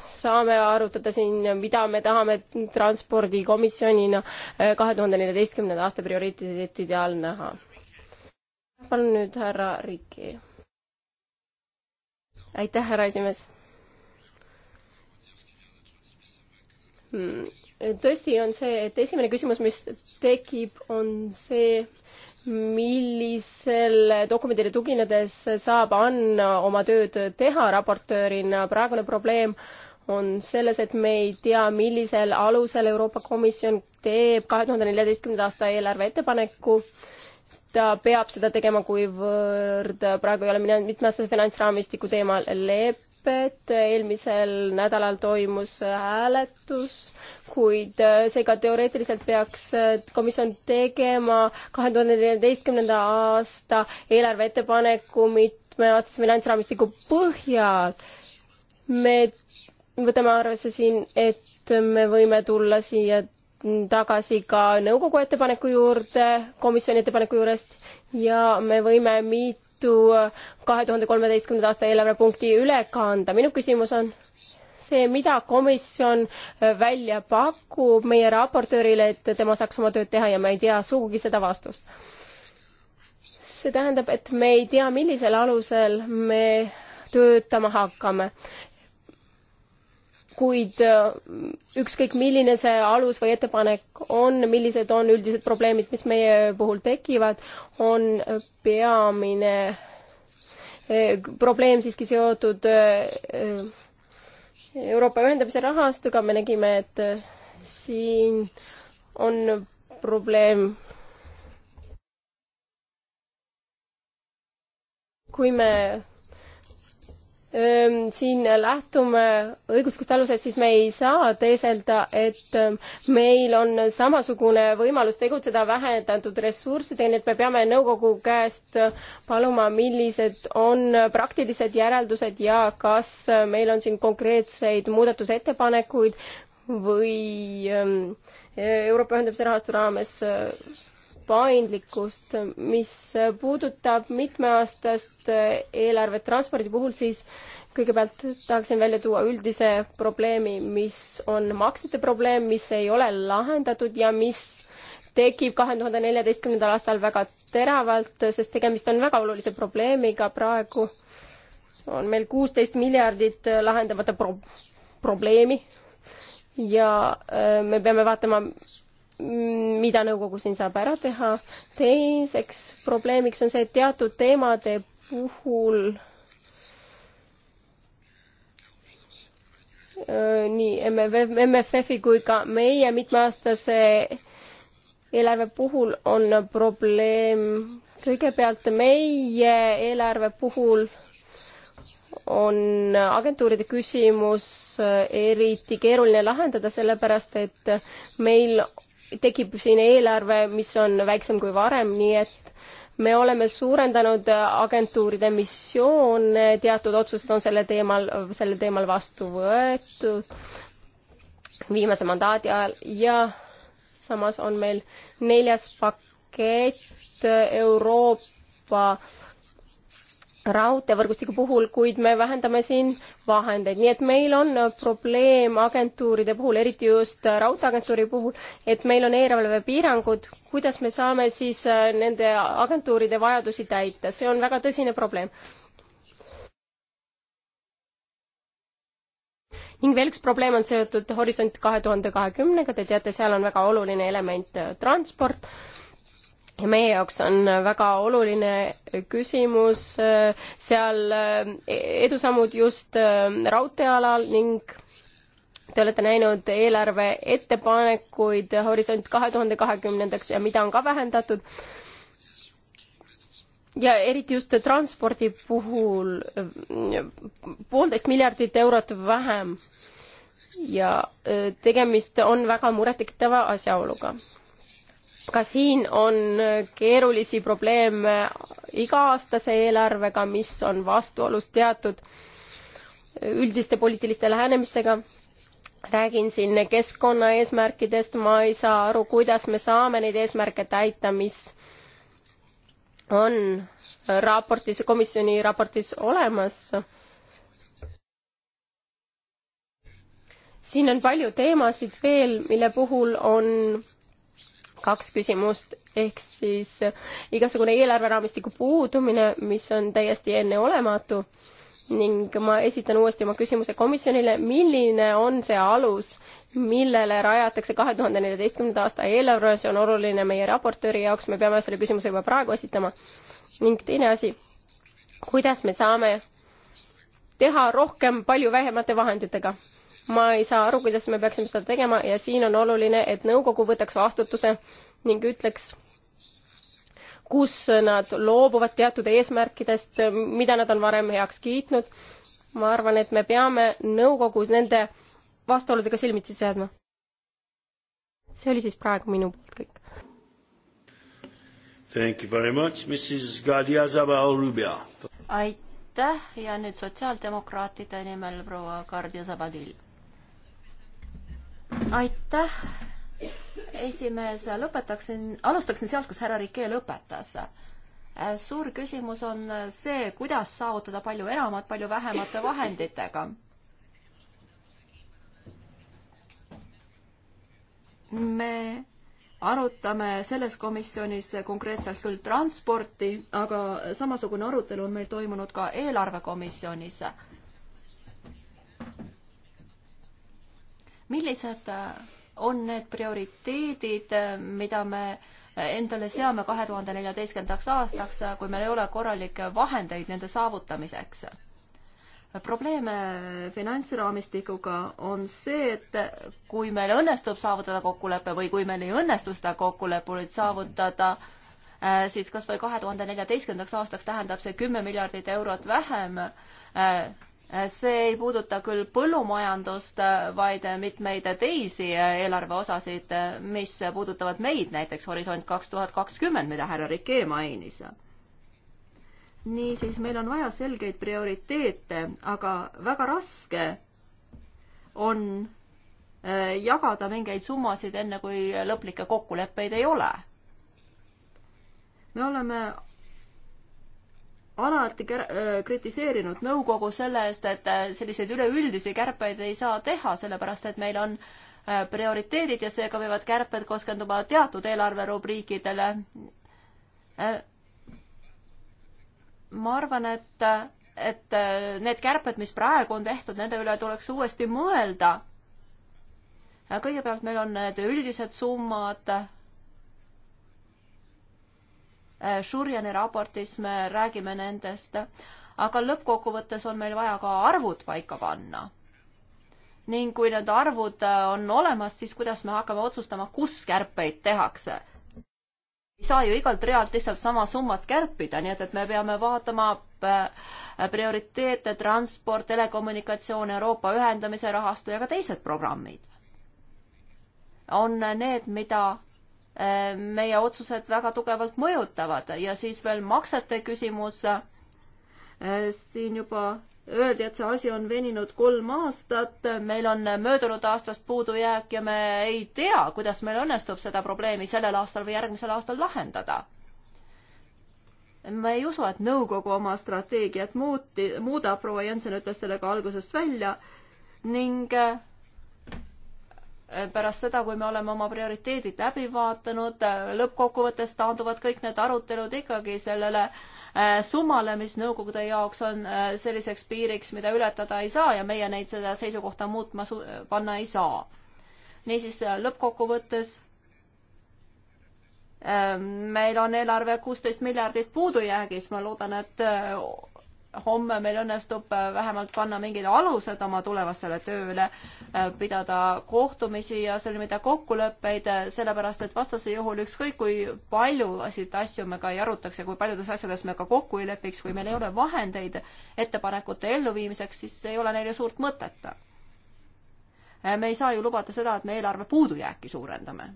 saame arutada siin, mida me tahame transpordikomisjonina kahe tuhande neljateistkümnenda aasta prioriteetide all näha. palun nüüd härra Riki. aitäh, härra esimees Mm, tõsi on see, et esimene küsimus, mis tekib, on see, millisele dokumendile tuginedes saab Anna oma tööd teha raportöörina. praegune probleem on selles, et me ei tea, millisel alusel Euroopa Komisjon teeb kahe tuhande neljateistkümnenda aasta eelarve ettepaneku. ta peab seda tegema, kuivõrd praegu ei ole mitmeaastase finantsraamistiku teemal lepp-, lepet, eelmisel nädalal toimus hääletus, kuid äh, seega teoreetiliselt peaks äh, komisjon tegema kahe tuhande neljateistkümnenda aasta eelarve ettepaneku mitmeaastase finantsraamistiku põhjal. me võtame arvesse siin, et me võime tulla siia tagasi ka nõukogu ettepaneku juurde, komisjoni ettepaneku juurest ja me võime mit-, Liitu äh, kahe tuhande kolmeteistkümnenda aasta eelarvepunkti üle kanda. minu küsimus on see, mida komisjon äh, välja pakub meie raportöörile, et tema saaks oma tööd teha ja ma ei tea sugugi seda vastust. see tähendab, et me ei tea, millisel alusel me töötama hakkame kuid äh, ükskõik, milline see alus või ettepanek on, millised on üldised probleemid, mis meie puhul tekivad, on peamine äh, probleem siiski seotud äh, Euroopa ühendamise rahastuga, me nägime, et siin on probleem. kui me siin lähtume õiguslikust alusest, siis me ei saa teeselda, et meil on samasugune võimalus tegutseda vähendatud ressurssidega, nii et me peame nõukogu käest paluma, millised on praktilised järeldused ja kas meil on siin konkreetseid muudatusettepanekuid või Euroopa Ühendamise rahastu raames paindlikkust. mis puudutab mitmeaastast eelarvet transpordi puhul, siis kõigepealt tahaksin välja tuua üldise probleemi, mis on maksete probleem, mis ei ole lahendatud ja mis tekib kahe tuhande neljateistkümnendal aastal väga teravalt, sest tegemist on väga olulise probleemiga praegu. on meil kuusteist miljardit lahendamata pro probleemi ja äh, me peame vaatama, mida nõukogu siin saab ära teha. teiseks probleemiks on see, et teatud teemade puhul nii MFF-i kui ka meie mitmeaastase eelarve puhul on probleem kõigepealt meie eelarve puhul on agentuuride küsimus eriti keeruline lahendada, sellepärast et meil tekib siin eelarve, mis on väiksem kui varem, nii et me oleme suurendanud agentuuride missioone, teatud otsused on selle teemal, sellel teemal vastu võetud viimase mandaadi ajal ja samas on meil neljas pakett Euroopa raudteevõrgustiku puhul, kuid me vähendame siin vahendeid, nii et meil on äh, probleem agentuuride puhul, eriti just äh, raudteeagentuuri puhul, et meil on eelarvepiirangud, kuidas me saame siis äh, nende agentuuride vajadusi täita, see on väga tõsine probleem. ning veel üks probleem on seotud Horisont kahe tuhande kahekümnega, te teate, seal on väga oluline element transport meie jaoks on väga oluline küsimus äh, seal äh, edusammud just äh, raudteealal ning te olete näinud eelarve ettepanekuid Horisont kahe tuhande kahekümnendaks ja mida on ka vähendatud. ja eriti just transpordi puhul poolteist miljardit eurot vähem. ja tegemist on väga murettekitava asjaoluga ka siin on keerulisi probleeme iga-aastase eelarvega, mis on vastuolus teatud üldiste poliitiliste lähenemistega. räägin siin keskkonnaeesmärkidest, ma ei saa aru, kuidas me saame neid eesmärke täita, mis on raportis, komisjoni raportis olemas. siin on palju teemasid veel, mille puhul on kaks küsimust, ehk siis igasugune eelarveraamistiku puudumine, mis on täiesti enneolematu ning ma esitan uuesti oma küsimuse komisjonile, milline on see alus, millele rajatakse kahe tuhande neljateistkümnenda aasta eelarve, see on oluline meie raportööri jaoks, me peame selle küsimuse juba praegu esitama. ning teine asi, kuidas me saame teha rohkem palju vähemate vahenditega ma ei saa aru, kuidas me peaksime seda tegema ja siin on oluline, et nõukogu võtaks vastutuse ning ütleks, kus nad loobuvad teatud eesmärkidest, mida nad on varem heaks kiitnud. ma arvan, et me peame nõukogus nende vastuoludega silmitsi seadma. see oli siis praegu minu poolt kõik. Thank you very much, Mrs Gadia Zabal-Rubia. aitäh ja nüüd sotsiaaldemokraatide nimel proua Gardia Zabadil aitäh, esimees, lõpetaksin, alustaksin sealt, kus härra Rikee lõpetas. Äh, suur küsimus on see, kuidas saavutada palju enamat, palju vähemate vahenditega me arutame selles komisjonis konkreetselt küll transporti, aga samasugune arutelu on meil toimunud ka eelarvekomisjonis. millised äh, on need prioriteedid, äh, mida me äh, endale seame kahe tuhande neljateistkümnendaks aastaks, kui meil ei ole korralikke vahendeid nende saavutamiseks? probleeme finantsraamistikuga on see, et kui meil õnnestub saavutada kokkulepe või kui meil ei õnnestu seda kokkulepet saavutada, siis kas või kahe tuhande neljateistkümnendaks aastaks tähendab see kümme miljardit eurot vähem see ei puuduta küll põllumajandust, vaid mitmeid teisi eelarveosasid, mis puudutavad meid, näiteks Horisont kaks tuhat kakskümmend, mida härra Rikee mainis. niisiis, meil on vaja selgeid prioriteete, aga väga raske on äh, jagada mingeid summasid, enne kui lõplikke kokkuleppeid ei ole. me oleme alati äh, kritiseerinud nõukogu selle eest, et äh, selliseid üleüldisi kärpeid ei saa teha, sellepärast et meil on äh, prioriteedid ja seega võivad kärped keskenduma teatud eelarverubriikidele. ma arvan, et, et need kärped, mis praegu on tehtud, nende üle tuleks uuesti mõelda. kõigepealt meil on need üldised summad Šurjani äh, raportis me räägime nendest, aga lõppkokkuvõttes on meil vaja ka arvud paika panna. ning kui need arvud äh, on olemas, siis kuidas me hakkame otsustama, kus kärpeid tehakse? ei saa ju igalt realt lihtsalt sama summat kärpida, nii et, et me peame vaatama äh, prioriteete, transport, telekommunikatsioon, Euroopa ühendamise rahastu ja ka teised programmid. on need, mida Äh, meie otsused väga tugevalt mõjutavad ja siis veel maksete küsimus. Äh, siin juba öeldi, et see asi on veninud kolm aastat, meil on möödunud aastast puudujääk ja me ei tea, kuidas meil õnnestub seda probleemi sellel aastal või järgmisel aastal lahendada ma ei usu, et nõukogu oma strateegiat muuti, muudab, proua Jensen ütles selle ka algusest välja ning äh, pärast seda, kui me oleme oma prioriteedid läbi vaatanud, lõppkokkuvõttes taanduvad kõik need arutelud ikkagi sellele äh, summale, mis nõukogude jaoks on äh, selliseks piiriks, mida ületada ei saa ja meie neid seda seisukohta muutma panna ei saa. niisiis äh, lõppkokkuvõttes meil on eelarve kuusteist miljardit puudujäägis, ma loodan, et homme meil õnnestub äh, vähemalt panna mingid alused oma tulevastele tööle, äh, pidada kohtumisi ja sõlmida kokkuleppeid, äh, sellepärast et vastasel juhul ükskõik kui paljusid asju me ka ei arutaks ja kui paljudes asjades me ka kokku ei lepiks, kui meil ei ole vahendeid ettepanekute elluviimiseks, siis ei ole neil ju suurt mõtet. me ei saa ju lubada seda, et me eelarve puudujääki suurendame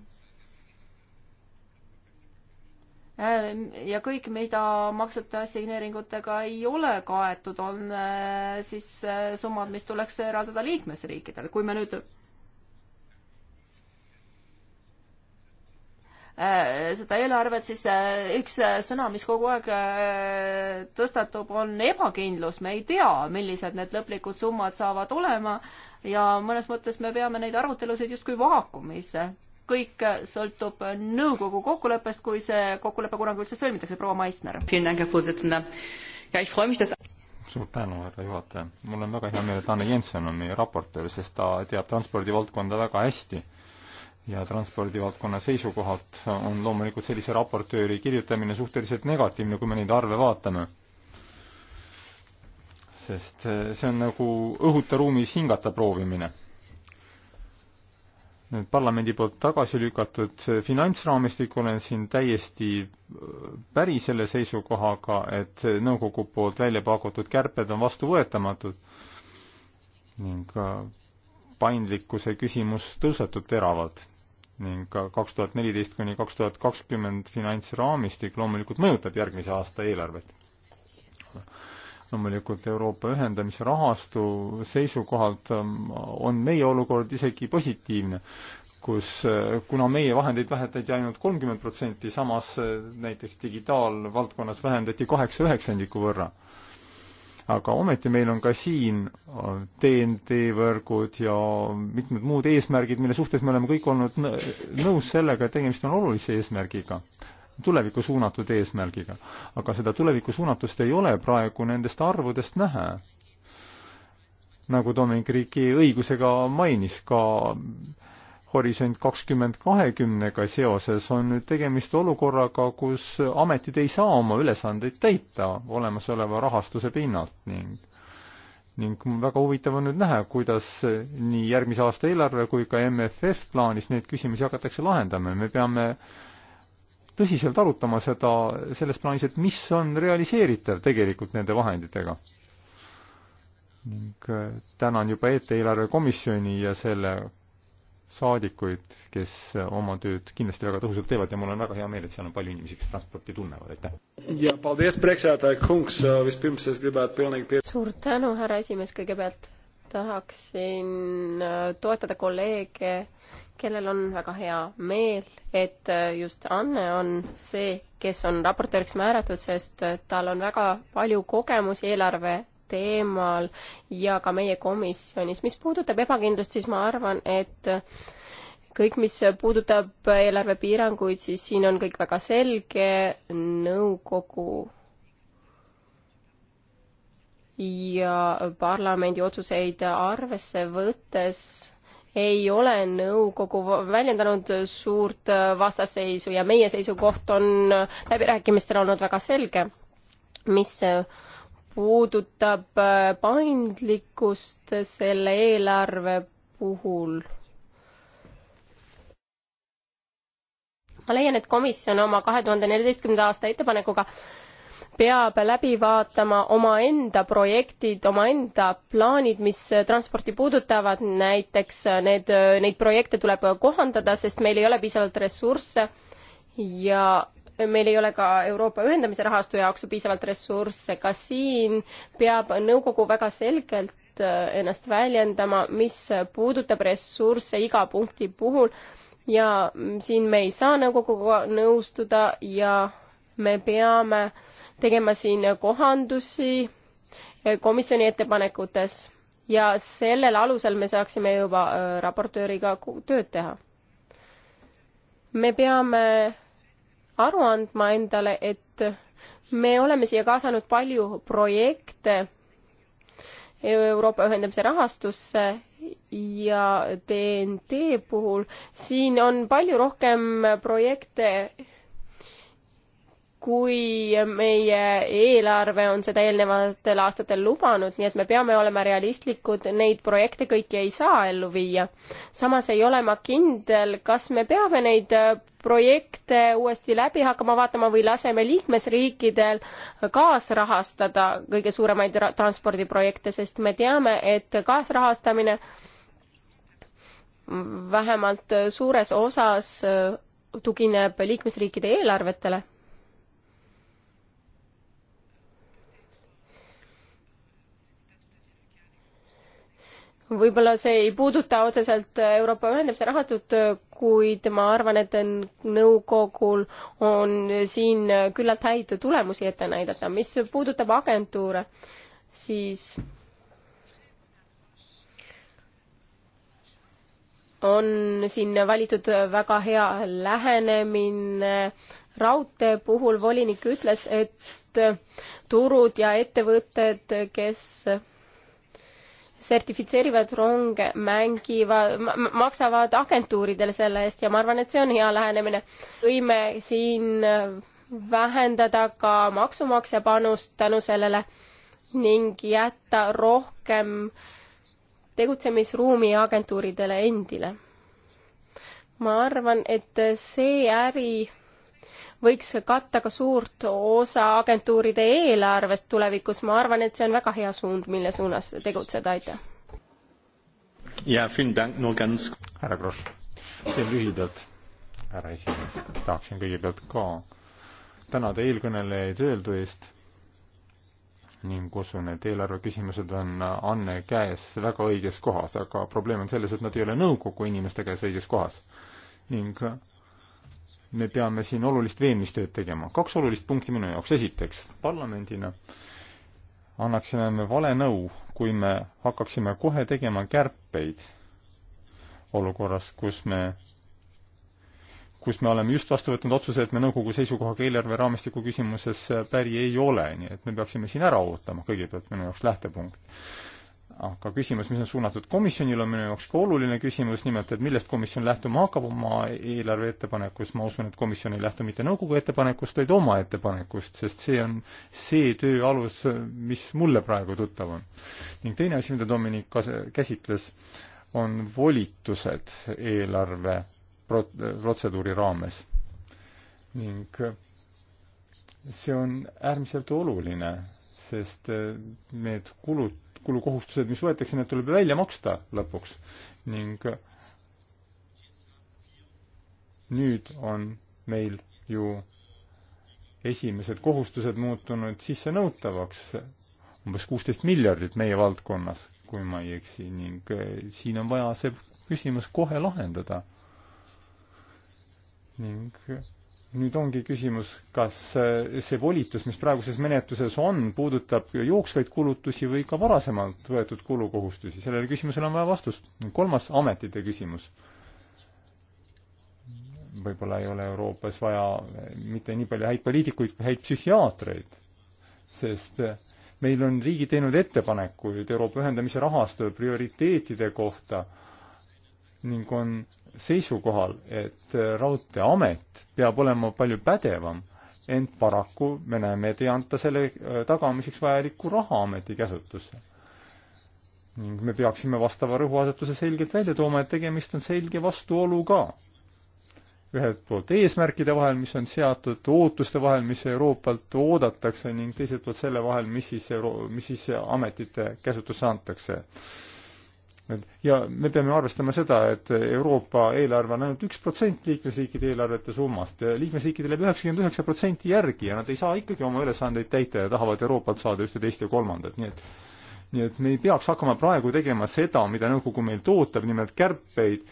Äh, ja kõik, mida maksete assigneeringutega ei ole kaetud, on äh, siis äh, summad, mis tuleks eraldada liikmesriikidele, kui me nüüd seda eelarvet, siis üks sõna, mis kogu aeg tõstatub, on ebakindlus. me ei tea, millised need lõplikud summad saavad olema ja mõnes mõttes me peame neid arutelusid justkui vaakumis kõik sõltub nõukogu kokkuleppest, kui see kokkulepe kunagi üldse sõlmitakse, proua Maisner. suur tänu, härra juhataja. mul on väga hea meel, et Anne Jensen on meie raportöör, sest ta teab transpordivaldkonda väga hästi. ja transpordivaldkonna seisukohalt on loomulikult sellise raportööri kirjutamine suhteliselt negatiivne, kui me neid arve vaatame sest see on nagu õhuta ruumis hingata proovimine parlamendi poolt tagasi lükatud finantsraamistik, olen siin täiesti äh, päri selle seisukohaga, et nõukogu poolt välja pakutud kärped on vastuvõetamatud ning äh, paindlikkuse küsimus tõusetub teravalt ning ka kaks tuhat neliteist kuni kaks tuhat kakskümmend finantsraamistik loomulikult mõjutab järgmise aasta eelarvet loomulikult Euroopa ühendamise rahastu seisukohalt ähm, on meie olukord isegi positiivne, kus, äh, kuna meie vahendeid vähendati ainult kolmkümmend protsenti, samas äh, näiteks digitaalvaldkonnas vähendati kaheksa üheksandiku võrra. aga ometi meil on ka siin TNT äh, võrgud ja mitmed muud eesmärgid, mille suhtes me oleme kõik olnud nõus sellega, et tegemist on olulise eesmärgiga tulevikku suunatud eesmärgiga. aga seda tulevikku suunatust ei ole praegu nendest arvudest näha. nagu Dominic Riiki õigusega mainis, ka Horisont kakskümmend kahekümnega seoses on nüüd tegemist olukorraga, kus ametid ei saa oma ülesandeid täita olemasoleva rahastuse pinnalt ning ning väga huvitav on nüüd näha, kuidas nii järgmise aasta eelarve kui ka MFF plaanis neid küsimusi hakatakse lahendama ja me peame äh, tõsiselt arutama seda selles plaanis, et mis on realiseeritav tegelikult nende vahenditega. ning äh, tänan juba ette eelarvekomisjoni ja selle saadikuid, kes äh, oma tööd kindlasti väga tõhusalt teevad ja mul on väga hea meel, et seal on palju inimesi, kes transporti tunnevad, aitäh! ja, paldies, preksjataja Kungs, mis pimses kõigepealt pealegi suur tänu, härra esimees, kõigepealt tahaksin äh, toetada kolleege äh, kellel on väga hea meel, et äh, just Anne on see, kes on raportööriks määratud, sest äh, tal on väga palju kogemusi eelarve teemal ja ka meie komisjonis. mis puudutab ebakindlust, siis ma arvan, et äh, kõik, mis puudutab eelarvepiiranguid, siis siin on kõik väga selge, nõukogu ja parlamendi otsuseid arvesse võttes ei ole nõukogu väljendanud suurt äh, vastasseisu ja meie seisukoht on äh, läbirääkimistel olnud väga selge, mis äh, puudutab paindlikkust selle eelarve puhul. ma leian, et komisjon oma kahe tuhande neljateistkümnenda aasta ettepanekuga peab läbi vaatama omaenda projektid, omaenda plaanid, mis transporti puudutavad, näiteks need, neid projekte tuleb kohandada, sest meil ei ole piisavalt ressursse ja meil ei ole ka Euroopa ühendamise rahastu jaoks piisavalt ressursse, ka siin peab nõukogu väga selgelt ennast väljendama, mis puudutab ressursse iga punkti puhul ja siin me ei saa nõukoguga nõustuda ja me peame äh, tegema siin kohandusi komisjoni ettepanekutes ja sellel alusel me saaksime juba raportööriga tööd teha. me peame aru andma endale, et me oleme siia kaasanud palju projekte Euroopa ühendamise rahastusse ja TNT puhul, siin on palju rohkem projekte kui meie eelarve on seda eelnevatel aastatel lubanud, nii et me peame olema realistlikud, neid projekte kõiki ei saa ellu viia. samas ei ole ma kindel, kas me peame neid projekte uuesti läbi hakkama vaatama või laseme liikmesriikidel kaasrahastada kõige suuremaid transpordiprojekte, sest me teame, et kaasrahastamine vähemalt suures osas tugineb liikmesriikide eelarvetele võib-olla see ei puuduta otseselt Euroopa ühendamise rahastut, kuid ma arvan, et nõukogul on siin küllalt häid tulemusi ette näidata. mis puudutab agentuure, siis on siin valitud väga hea lähenemine. raudtee puhul volinik ütles, et turud ja ettevõtted, kes sertifitseerivad ronge, mängivad, maksavad agentuuridele selle eest ja ma arvan, et see on hea lähenemine. võime siin vähendada ka maksumaksja panust tänu sellele ning jätta rohkem tegutsemisruumi agentuuridele endile. ma arvan, et see äri võiks katta ka suurt osa agentuuride eelarvest tulevikus, ma arvan, et see on väga hea suund, mille suunas tegutseda, aitäh. ja, härra Kross, teen lühidalt, härra esimees, tahaksin kõigepealt ka tänada eelkõnelejaid öeldu eest ning usun, et eelarve küsimused on Anne käes väga õiges kohas, aga probleem on selles, et nad ei ole nõukogu inimeste käes õiges kohas. ning me peame siin olulist veenmistööd tegema. kaks olulist punkti minu jaoks. esiteks, parlamendina annaksime me vale nõu, kui me hakkaksime kohe tegema kärpeid olukorras, kus me, kus me oleme just vastu võtnud otsuse, et me nõukogu seisukohaga eelarveraamistiku küsimuses päri ei ole, nii et me peaksime siin ära ootama kõigepealt minu jaoks lähtepunkt aga küsimus, mis on suunatud komisjonile, on minu jaoks ka oluline küsimus, nimelt et millest komisjon lähtuma hakkab oma eelarve ettepanekus, ma usun, et komisjon ei lähtu mitte nõukogu ettepanekust, vaid oma ettepanekust, sest see on see töö alus, mis mulle praegu tuttav on. ning teine asi, mida Dominik kas-, käsitles, on volitused eelarve prot-, protseduuri raames. ning see on äärmiselt oluline, sest need kulud kulukohustused, mis võetakse, need tuleb välja maksta lõpuks. ning nüüd on meil ju esimesed kohustused muutunud sissenõutavaks, umbes kuusteist miljardit meie valdkonnas, kui ma ei eksi, ning äh, siin on vaja see küsimus kohe lahendada. ning nüüd ongi küsimus, kas see volitus, mis praeguses menetluses on, puudutab jooksvaid kulutusi või ka varasemalt võetud kulukohustusi, sellele küsimusele on vaja vastust. kolmas, ametite küsimus. võib-olla ei ole Euroopas vaja mitte nii palju häid poliitikuid kui häid psühhiaatreid, sest meil on riigid teinud ettepanekuid Euroopa ühendamise rahastu prioriteetide kohta ning on seisukohal, et äh, Raudteeamet peab olema palju pädevam, ent paraku me näeme, et ei anta selle äh, tagamiseks vajalikku raha ameti käsutusse. ning me peaksime vastava rõhuasetuse selgelt välja tooma, et tegemist on selge vastuoluga ühelt poolt eesmärkide vahel, mis on seatud, ootuste vahel, mis Euroopalt oodatakse ning teiselt poolt selle vahel, mis siis Euro-, mis siis ametite käsutusse antakse ja me peame arvestama seda, et Euroopa eelarve on ainult üks protsent liikmesriikide eelarvete summast ja liikmesriikidel jääb üheksakümmend üheksa protsenti järgi ja nad ei saa ikkagi oma ülesandeid täita ja tahavad Euroopalt saada ühte, teist ja kolmandat, nii et nii et me ei peaks hakkama praegu tegema seda, mida nõukogu meilt ootab, nimelt kärpeid,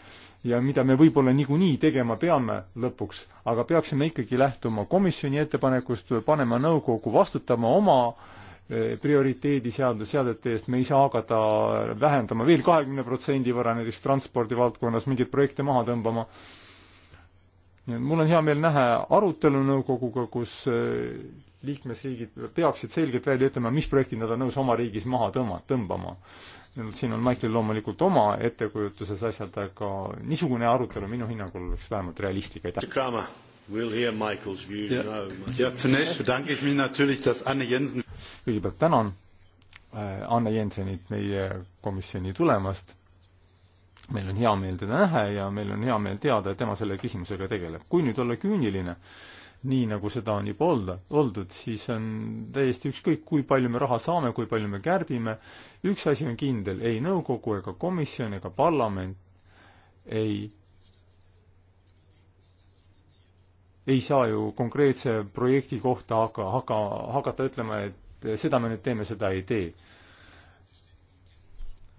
ja mida me võib-olla niikuinii tegema peame lõpuks, aga peaksime ikkagi lähtuma komisjoni ettepanekust, panema nõukogu vastutama oma äh, prioriteedi seadnud seadete eest, me ei saa hakata vähendama veel kahekümne protsendi võrra näiteks transpordi valdkonnas mingeid projekte maha tõmbama. nii et mul on hea meel näha arutelu nõukoguga, kus äh, liikmesriigid peaksid selgelt välja ütlema, mis projektid nad on nõus oma riigis maha tõmba, tõmbama. siin on Michaelil loomulikult oma ettekujutuses asjad, aga niisugune arutelu minu hinnangul oleks vähemalt realistlik, aitäh. We'll hear Michael's views ja, now. Ja, zunächst bedanke ich mich natürlich, dass Anne Jensen kõigepealt tänan äh, Anne Jensenit meie komisjoni tulemast. meil on hea meel teda näha ja meil on hea meel teada, et tema selle küsimusega tegeleb. kui nüüd olla küüniline, nii nagu seda on juba olda, oldud, siis on täiesti ükskõik, kui palju me raha saame, kui palju me kärbime, üks asi on kindel, ei nõukogu ega komisjon ega parlament ei ei saa ju konkreetse projekti kohta aga, aga hakata ütlema, et et seda me nüüd teeme, seda ei tee.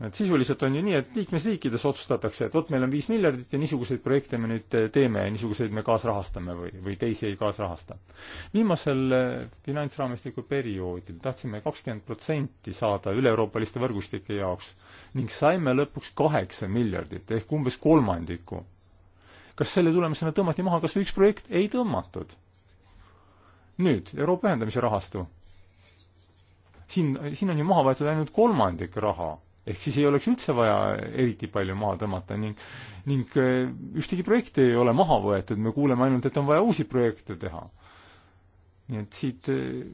et sisuliselt on ju nii, et liikmesriikides otsustatakse, et vot meil on viis miljardit ja niisuguseid projekte me nüüd teeme ja niisuguseid me kaasrahastame või, või teisi ei kaasrahasta. viimasel eh, finantsraamistiku perioodil tahtsime kakskümmend protsenti saada üle-euroopaliste võrgustike jaoks ning saime lõpuks kaheksa miljardit ehk umbes kolmandiku kas selle tulemusena tõmmati maha kas või üks projekt? ei tõmmatud. nüüd Euroopa ühendamise rahastu siin, siin on ju maha võetud ainult kolmandik raha. ehk siis ei oleks üldse vaja eriti palju maha tõmmata ning, ning äh, ühtegi projekti ei ole maha võetud, me kuuleme ainult, et on vaja uusi projekte teha. nii et siit, äh,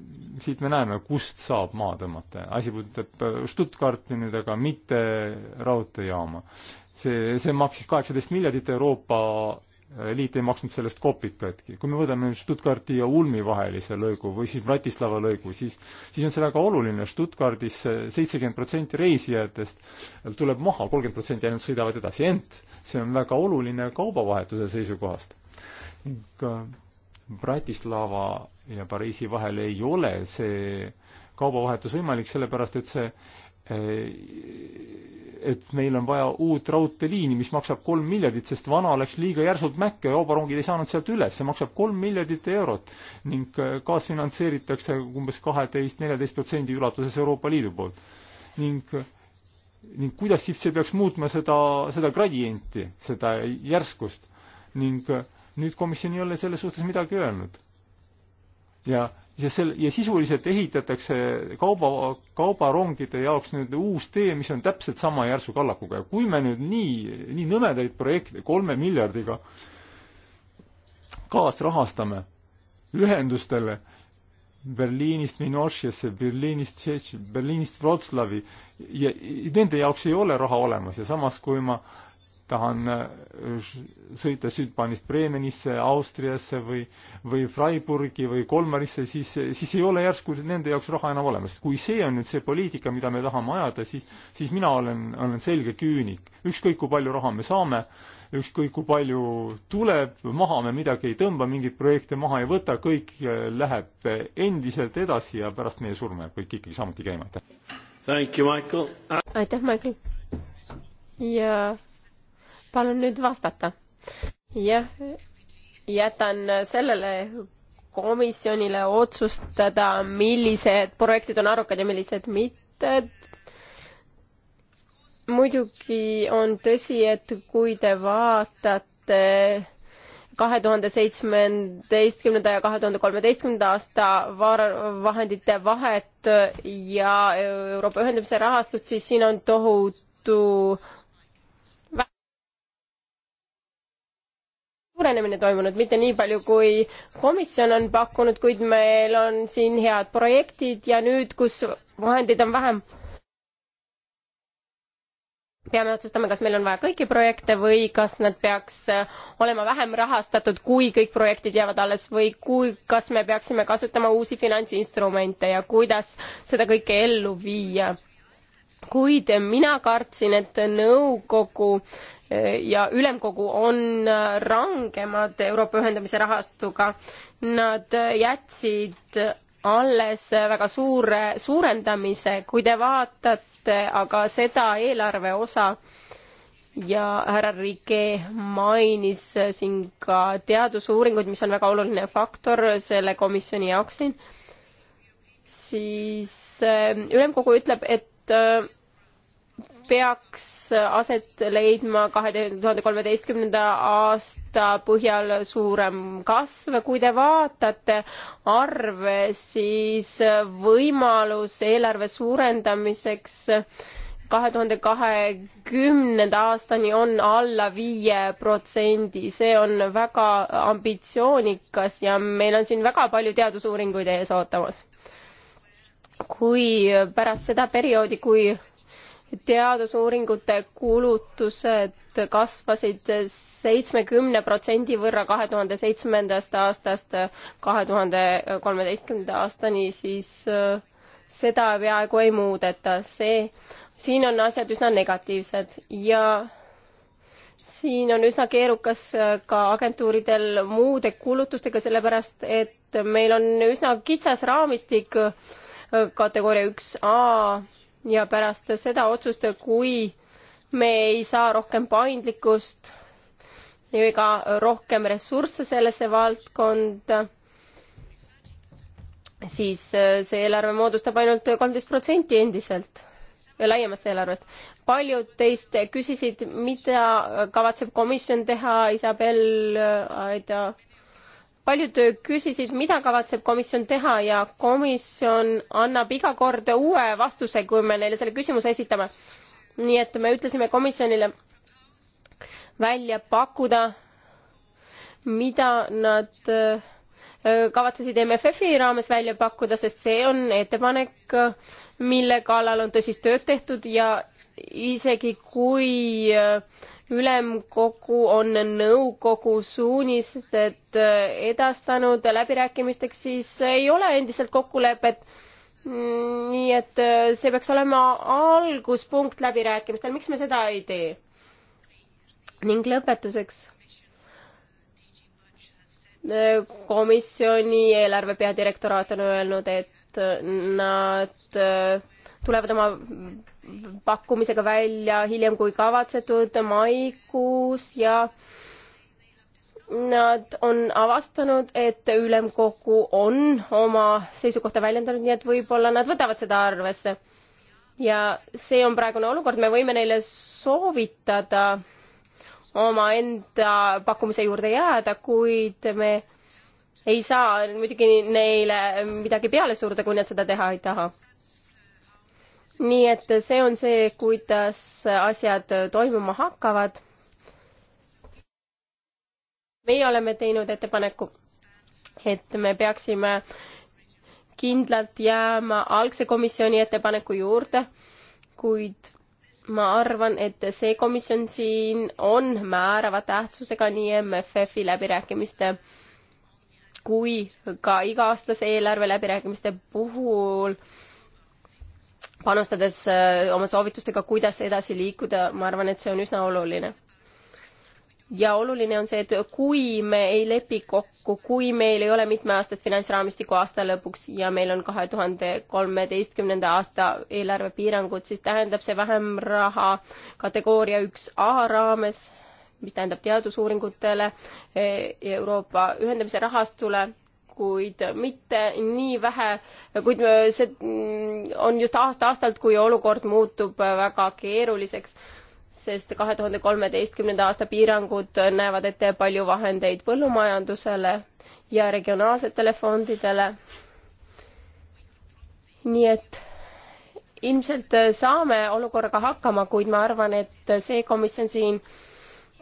siit me näeme, kust saab maha tõmmata. asi puudutab äh, Stuttgarti nüüd, aga mitte raudteejaama. see, see maksis kaheksateist miljardit Euroopa liit ei maksnud sellest kopikatki. kui me võtame Stuttgarti ja Ulmi vahelise lõigu või siis Bratislava lõigu, siis, siis on see väga oluline, Stuttgardis seitsekümmend protsenti reisijatest tuleb maha, kolmkümmend protsenti ainult sõidavad edasi, ent see on väga oluline kaubavahetuse seisukohast. Äh, Bratislava ja Pariisi vahel ei ole see kaubavahetus võimalik, sellepärast et see Äh, et meil on vaja uut raudteeliini, mis maksab kolm miljardit, sest vana läks liiga järsult mäkke ja kaubarongid ei saanud sealt üles, see maksab kolm miljardit eurot ning äh, kaasfinantseeritakse umbes kaheteist, neljateist protsendi ulatuses Euroopa Liidu poolt. ning, ning kuidas siis see peaks muutma seda, seda gradienti, seda järskust ning äh, nüüd komisjon ei ole selles suhtes midagi öelnud. ja ja sel-, ja sisuliselt ehitatakse kauba, kaubarongide jaoks nüüd uus tee, mis on täpselt sama järsu kallakuga ja kui me nüüd nii, nii nõmedaid projekte kolme miljardiga kaasrahastame ühendustele Berliinist Minošjasse, Berliinist Tšetši, Berliinist Wroclawi ja nende jaoks ei ole raha olemas ja samas, kui ma äh, tahan äh, sõita Südbanist Bremenisse, Austriasse või, või Freiburgi või Kolmarisse, siis, siis ei ole järsku nende jaoks raha enam olemas. kui see on nüüd see poliitika, mida me tahame ajada, siis, siis mina olen, olen selge küünik. ükskõik, kui palju raha me saame, ükskõik kui palju tuleb, maha me midagi ei tõmba, mingeid projekte maha ei võta, kõik äh, läheb endiselt edasi ja pärast meie surma jääb kõik ikkagi samuti käima, aitäh! aitäh, Michael! ja palun nüüd vastata. jah, jätan sellele komisjonile otsustada, millised projektid on arukad ja millised mitte. muidugi on tõsi, et kui te vaatate kahe tuhande seitsmeteistkümnenda ja kahe tuhande kolmeteistkümnenda aasta var-, vahendite vahet ja Euroopa ühendamise rahastust, siis siin on tohutu suurenemine toimunud, mitte nii palju, kui komisjon on pakkunud, kuid meil on siin head projektid ja nüüd, kus vahendeid on vähem, peame otsustama, kas meil on vaja kõiki projekte või kas nad peaks äh, olema vähem rahastatud, kui kõik projektid jäävad alles või kui, kas me peaksime kasutama uusi finantsinstrumente ja kuidas seda kõike ellu viia kuid mina kartsin, et nõukogu eh, ja ülemkogu on eh, rangemad Euroopa ühendamise rahastuga. Nad eh, jätsid alles väga suure suurendamise, kui te vaatate aga seda eelarve osa ja härra Rike mainis siin ka teadusuuringuid, mis on väga oluline faktor selle komisjoni jaoks siin, siis ülemkogu ütleb, et Äh, peaks aset leidma kahe tuhande kolmeteistkümnenda aasta põhjal suurem kasv. kui te vaatate arve, siis võimalus eelarve suurendamiseks kahe tuhande kahekümnenda aastani on alla viie protsendi, see on väga ambitsioonikas ja meil on siin väga palju teadusuuringuid ees ootamas kui pärast seda perioodi, kui teadusuuringute kulutused kasvasid seitsmekümne protsendi võrra kahe tuhande seitsmendast aastast kahe tuhande kolmeteistkümnenda aastani, siis äh, seda peaaegu ei muudeta. see, siin on asjad üsna negatiivsed ja siin on üsna keerukas äh, ka agentuuridel muude kulutustega, sellepärast et meil on üsna kitsas raamistik äh, kategooria üks A ja pärast seda otsust, kui me ei saa rohkem paindlikkust ega rohkem ressursse sellesse valdkonda, siis see eelarve moodustab ainult kolmteist protsenti endiselt laiemast eelarvest. paljud teist küsisid, mida kavatseb komisjon teha, Isabel, Aida paljud küsisid, mida kavatseb komisjon teha ja komisjon annab iga kord uue vastuse, kui me neile selle küsimuse esitame. nii et me ütlesime komisjonile välja pakkuda, mida nad äh, kavatsesid MFF-i raames välja pakkuda, sest see on ettepanek, mille kallal on tõsist tööd tehtud ja isegi kui äh, ülemkogu on nõukogu suunised äh, edastanud läbirääkimisteks, siis ei ole endiselt kokkulepet. Mm, nii et äh, see peaks olema alguspunkt läbirääkimistel, miks me seda ei tee? ning lõpetuseks. Äh, komisjoni eelarve peadirektoraat on öelnud, et nad tulevad oma pakkumisega välja hiljem kui kavatsetud maikuus ja nad on avastanud, et ülemkogu on oma seisukohta väljendanud, nii et võib-olla nad võtavad seda arvesse. ja see on praegune olukord, me võime neile soovitada omaenda pakkumise juurde jääda, kuid me ei saa muidugi neile midagi peale suruda, kui nad seda teha ei taha nii et see on see, kuidas asjad toimuma hakkavad. meie oleme teinud ettepaneku, et me peaksime kindlalt jääma algse komisjoni ettepaneku juurde, kuid ma arvan, et see komisjon siin on määrava tähtsusega nii MFF-i läbirääkimiste kui ka iga-aastase eelarve läbirääkimiste puhul panustades äh, oma soovitustega, kuidas edasi liikuda, ma arvan, et see on üsna oluline. ja oluline on see, et kui me ei lepi kokku, kui meil ei ole mitmeaastast finantsraamistiku aasta lõpuks ja meil on kahe tuhande kolmeteistkümnenda aasta eelarvepiirangud, siis tähendab see vähem raha kategooria üks A raames, mis tähendab teadusuuringutele, Euroopa ühendamise rahastule kuid mitte nii vähe, kuid see on just aasta-aastalt, kui olukord muutub väga keeruliseks, sest kahe tuhande kolmeteistkümnenda aasta piirangud näevad ette palju vahendeid põllumajandusele ja regionaalsetele fondidele. nii et ilmselt saame olukorraga hakkama, kuid ma arvan, et see komisjon siin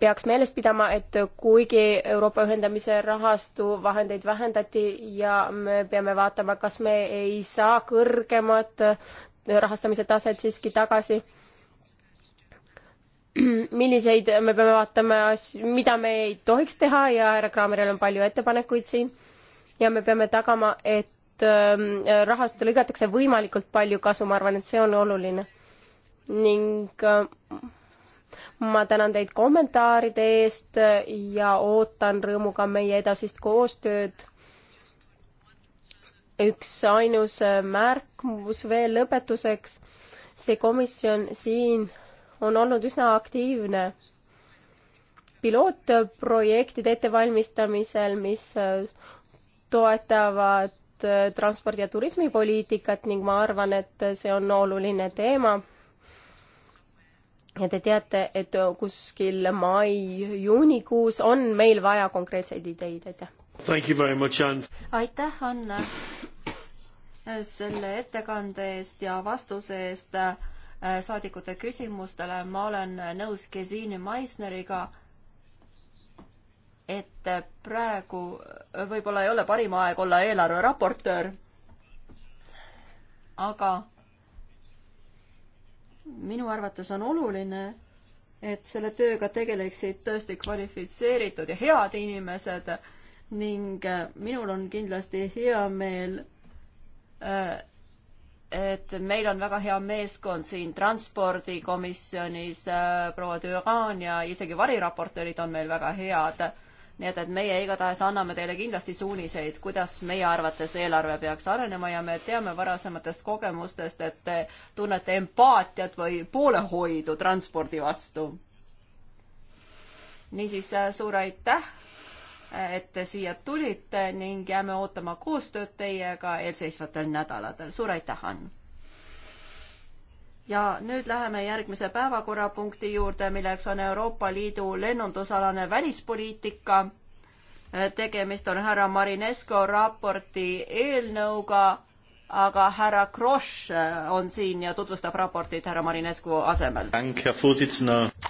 peaks meeles pidama, et kuigi Euroopa ühendamise rahastu vahendeid vähendati ja me peame vaatama, kas me ei saa kõrgemat rahastamise taset siiski tagasi, milliseid, me peame vaatama, mida me ei tohiks teha ja härra Kraameril on palju ettepanekuid siin ja me peame tagama, et ähm, rahast lõigatakse võimalikult palju kasu, ma arvan, et see on oluline. ning äh, ma tänan teid kommentaaride eest ja ootan rõõmuga meie edasist koostööd. üks ainus märkmus veel lõpetuseks. see komisjon siin on olnud üsna aktiivne pilootprojektide ettevalmistamisel, mis toetavad transpordi- ja turismipoliitikat ning ma arvan, et see on oluline teema ja te teate, et kuskil mai-juunikuus on meil vaja konkreetseid ideid, aitäh! aitäh, Anne, selle ettekande eest ja vastuse eest äh, saadikute küsimustele. ma olen nõus Gesine Meissneriga, et praegu võib-olla ei ole parim aeg olla eelarveraportöör, aga minu arvates on oluline, et selle tööga tegeleksid tõesti kvalifitseeritud ja head inimesed ning äh, minul on kindlasti hea meel, äh, et meil on väga hea meeskond siin transpordikomisjonis, äh, proua Düran ja isegi variraportöörid on meil väga head nii et, et meie igatahes anname teile kindlasti suuniseid, kuidas meie arvates eelarve peaks arenema ja me teame varasematest kogemustest, et te tunnete empaatiat või poolehoidu transpordi vastu. niisiis äh, suur aitäh, äh, et te siia tulite ning jääme ootama koostööd teiega eelseisvatel nädalatel. suur aitäh, Ann! ja nüüd läheme järgmise päevakorrapunkti juurde, milleks on Euroopa Liidu lennundusalane välispoliitika. tegemist on härra Marinesko raporti eelnõuga, aga härra Kross on siin ja tutvustab raportit härra Marinesku asemel.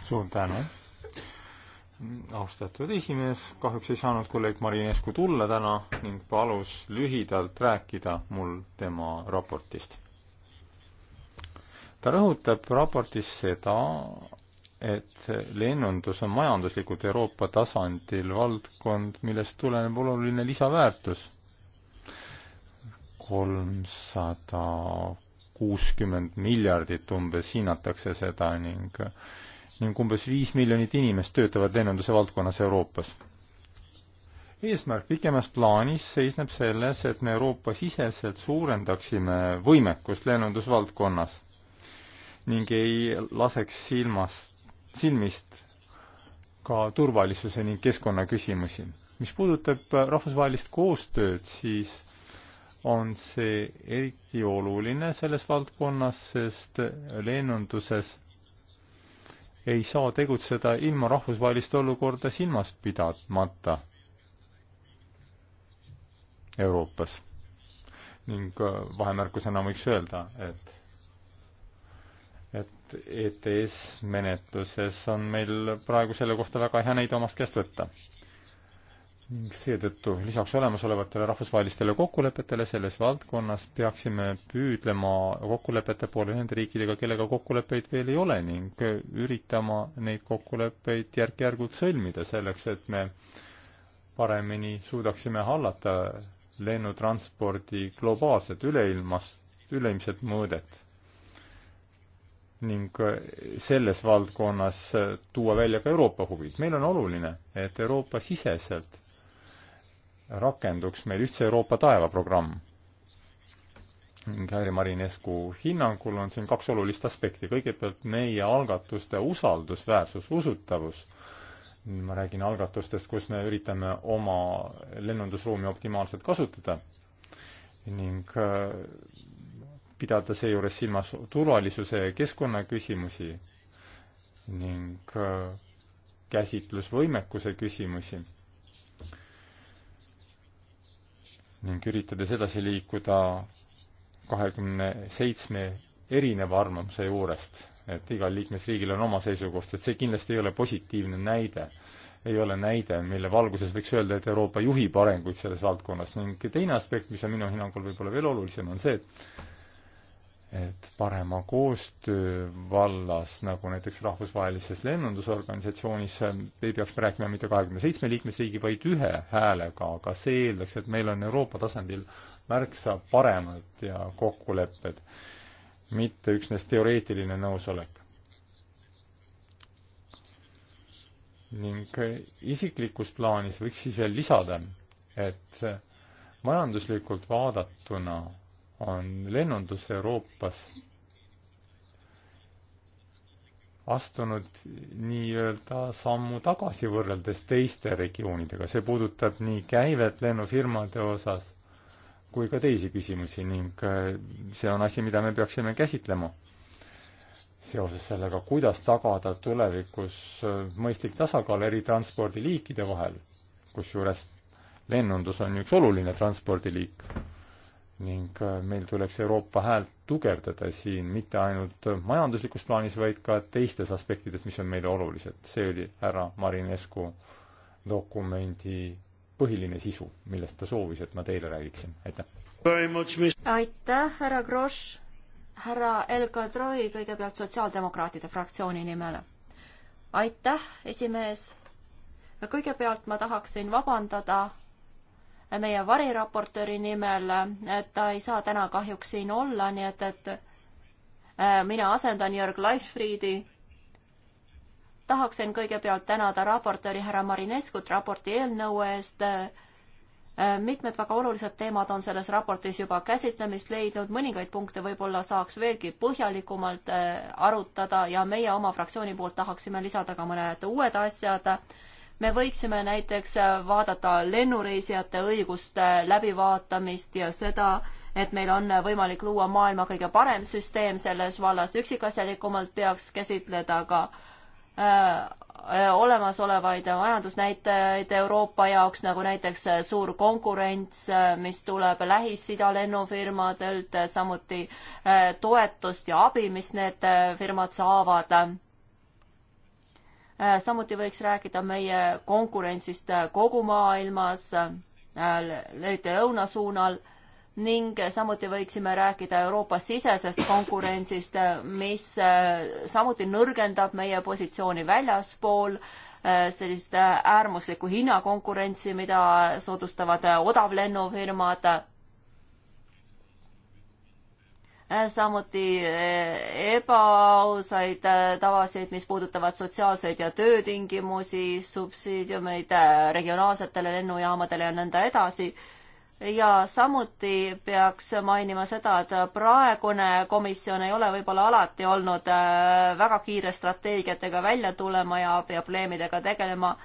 suur tänu. austatud esimees, kahjuks ei saanud kolleeg Marinesku tulla täna ning palus lühidalt rääkida mul tema raportist ta rõhutab raportis seda, et lennundus on majanduslikult Euroopa tasandil valdkond, millest tuleneb oluline lisaväärtus. kolmsada kuuskümmend miljardit umbes hinnatakse seda ning, ning umbes viis miljonit inimest töötavad lennunduse valdkonnas Euroopas. eesmärk pikemas plaanis seisneb selles, et me Euroopa-siseselt suurendaksime võimekust lennundusvaldkonnas ning ei laseks silmast, silmist ka turvalisuse ning keskkonna küsimusi. mis puudutab rahvusvahelist koostööd, siis on see eriti oluline selles valdkonnas, sest lennunduses ei saa tegutseda ilma rahvusvahelist olukorda silmas pidamata Euroopas. ning äh, vahemärkusena võiks öelda, et et ETS menetluses on meil praegu selle kohta väga hea näide omast käest võtta. ning seetõttu lisaks olemasolevatele rahvusvahelistele kokkulepetele selles valdkonnas peaksime püüdlema kokkulepete poole nende riikidega, kellega kokkuleppeid veel ei ole ning üritama neid kokkuleppeid järk-järgult sõlmida selleks, et me paremini suudaksime hallata lennutranspordi globaalset üleilmast, üleilmset mõõdet ning selles valdkonnas tuua välja ka Euroopa huvid. meil on oluline, et Euroopa-siseselt rakenduks meil Ühtse Euroopa taeva programm Häiri Marinescu hinnangul on siin kaks olulist aspekti. kõigepealt meie algatuste usaldusväärsus, usutavus. ma räägin algatustest, kus me üritame oma lennundusruumi optimaalselt kasutada ning pidada seejuures silmas turvalisuse ja keskkonnaküsimusi ning äh, käsitlusvõimekuse küsimusi ning üritades edasi liikuda kahekümne seitsme erineva arvamuse juurest, et igal liikmesriigil on oma seisukoht, et see kindlasti ei ole positiivne näide. ei ole näide, mille valguses võiks öelda, et Euroopa juhib arenguid selles valdkonnas ning teine aspekt, mis on minu hinnangul võib-olla veel olulisem, on see, et et parema koostöö vallas, nagu näiteks rahvusvahelises lennundusorganisatsioonis, ei peaks me rääkima mitte kahekümne seitsme liikmesriigi, vaid ühe häälega, aga see eeldaks, et meil on Euroopa tasandil märksa paremad ja kokkulepped, mitte üksnes teoreetiline nõusolek. ning isiklikus plaanis võiks siis veel lisada, et majanduslikult vaadatuna on lennundus Euroopas astunud nii-öelda sammu tagasi võrreldes teiste regioonidega, see puudutab nii käivet lennufirmade osas kui ka teisi küsimusi ning äh, see on asi, mida me peaksime käsitlema. seoses sellega, kuidas tagada tulevikus äh, mõistlik tasakaal eri transpordiliikide vahel, kusjuures lennundus on üks oluline transpordiliik ning äh, meil tuleks Euroopa häält tugevdada siin mitte ainult majanduslikus plaanis, vaid ka teistes aspektides, mis on meile olulised. see oli härra Marinescu dokumendi põhiline sisu, millest ta soovis, et ma teile räägiksin. aitäh! aitäh, härra Grosch! härra El Kadroi kõigepealt Sotsiaaldemokraatide fraktsiooni nimel. aitäh, esimees! kõigepealt ma tahaksin vabandada meie variraportööri nimel, et ta ei saa täna kahjuks siin olla, nii et, et äh, mina asendan Jörg Leifriedi. tahaksin kõigepealt tänada raportööri härra Marineskut raporti eelnõu eest. Äh, mitmed väga olulised teemad on selles raportis juba käsitlemist leidnud, mõningaid punkte võib-olla saaks veelgi põhjalikumalt äh, arutada ja meie oma fraktsiooni poolt tahaksime lisada ka mõned uued asjad me võiksime näiteks vaadata lennureisijate õiguste läbivaatamist ja seda, et meil on võimalik luua maailma kõige parem süsteem selles vallas, üksikasjalikumalt peaks käsitleda ka äh, äh olemasolevaid majandusnäitajaid Euroopa jaoks, nagu näiteks äh, suur konkurents, äh, mis tuleb Lähis-Ida lennufirmadelt, samuti äh, toetust ja abi, mis need firmad saavad Äh, samuti võiks rääkida meie konkurentsist äh, kogu maailmas, äh, eriti lõunasuunal ning samuti võiksime rääkida Euroopa sisesest konkurentsist, mis samuti nõrgendab meie positsiooni väljaspool, sellist äärmuslikku hinnakonkurentsi, mida soodustavad odavlennufirmad Äh, samuti äh, ebaausaid äh, tavasid, mis puudutavad sotsiaalseid ja töötingimusi, subsiidiumeid regionaalsetele lennujaamadele ja nõnda edasi. ja samuti peaks mainima seda, et praegune komisjon ei ole võib-olla alati olnud väga kiire strateegiatega välja tulema ja probleemidega tegelema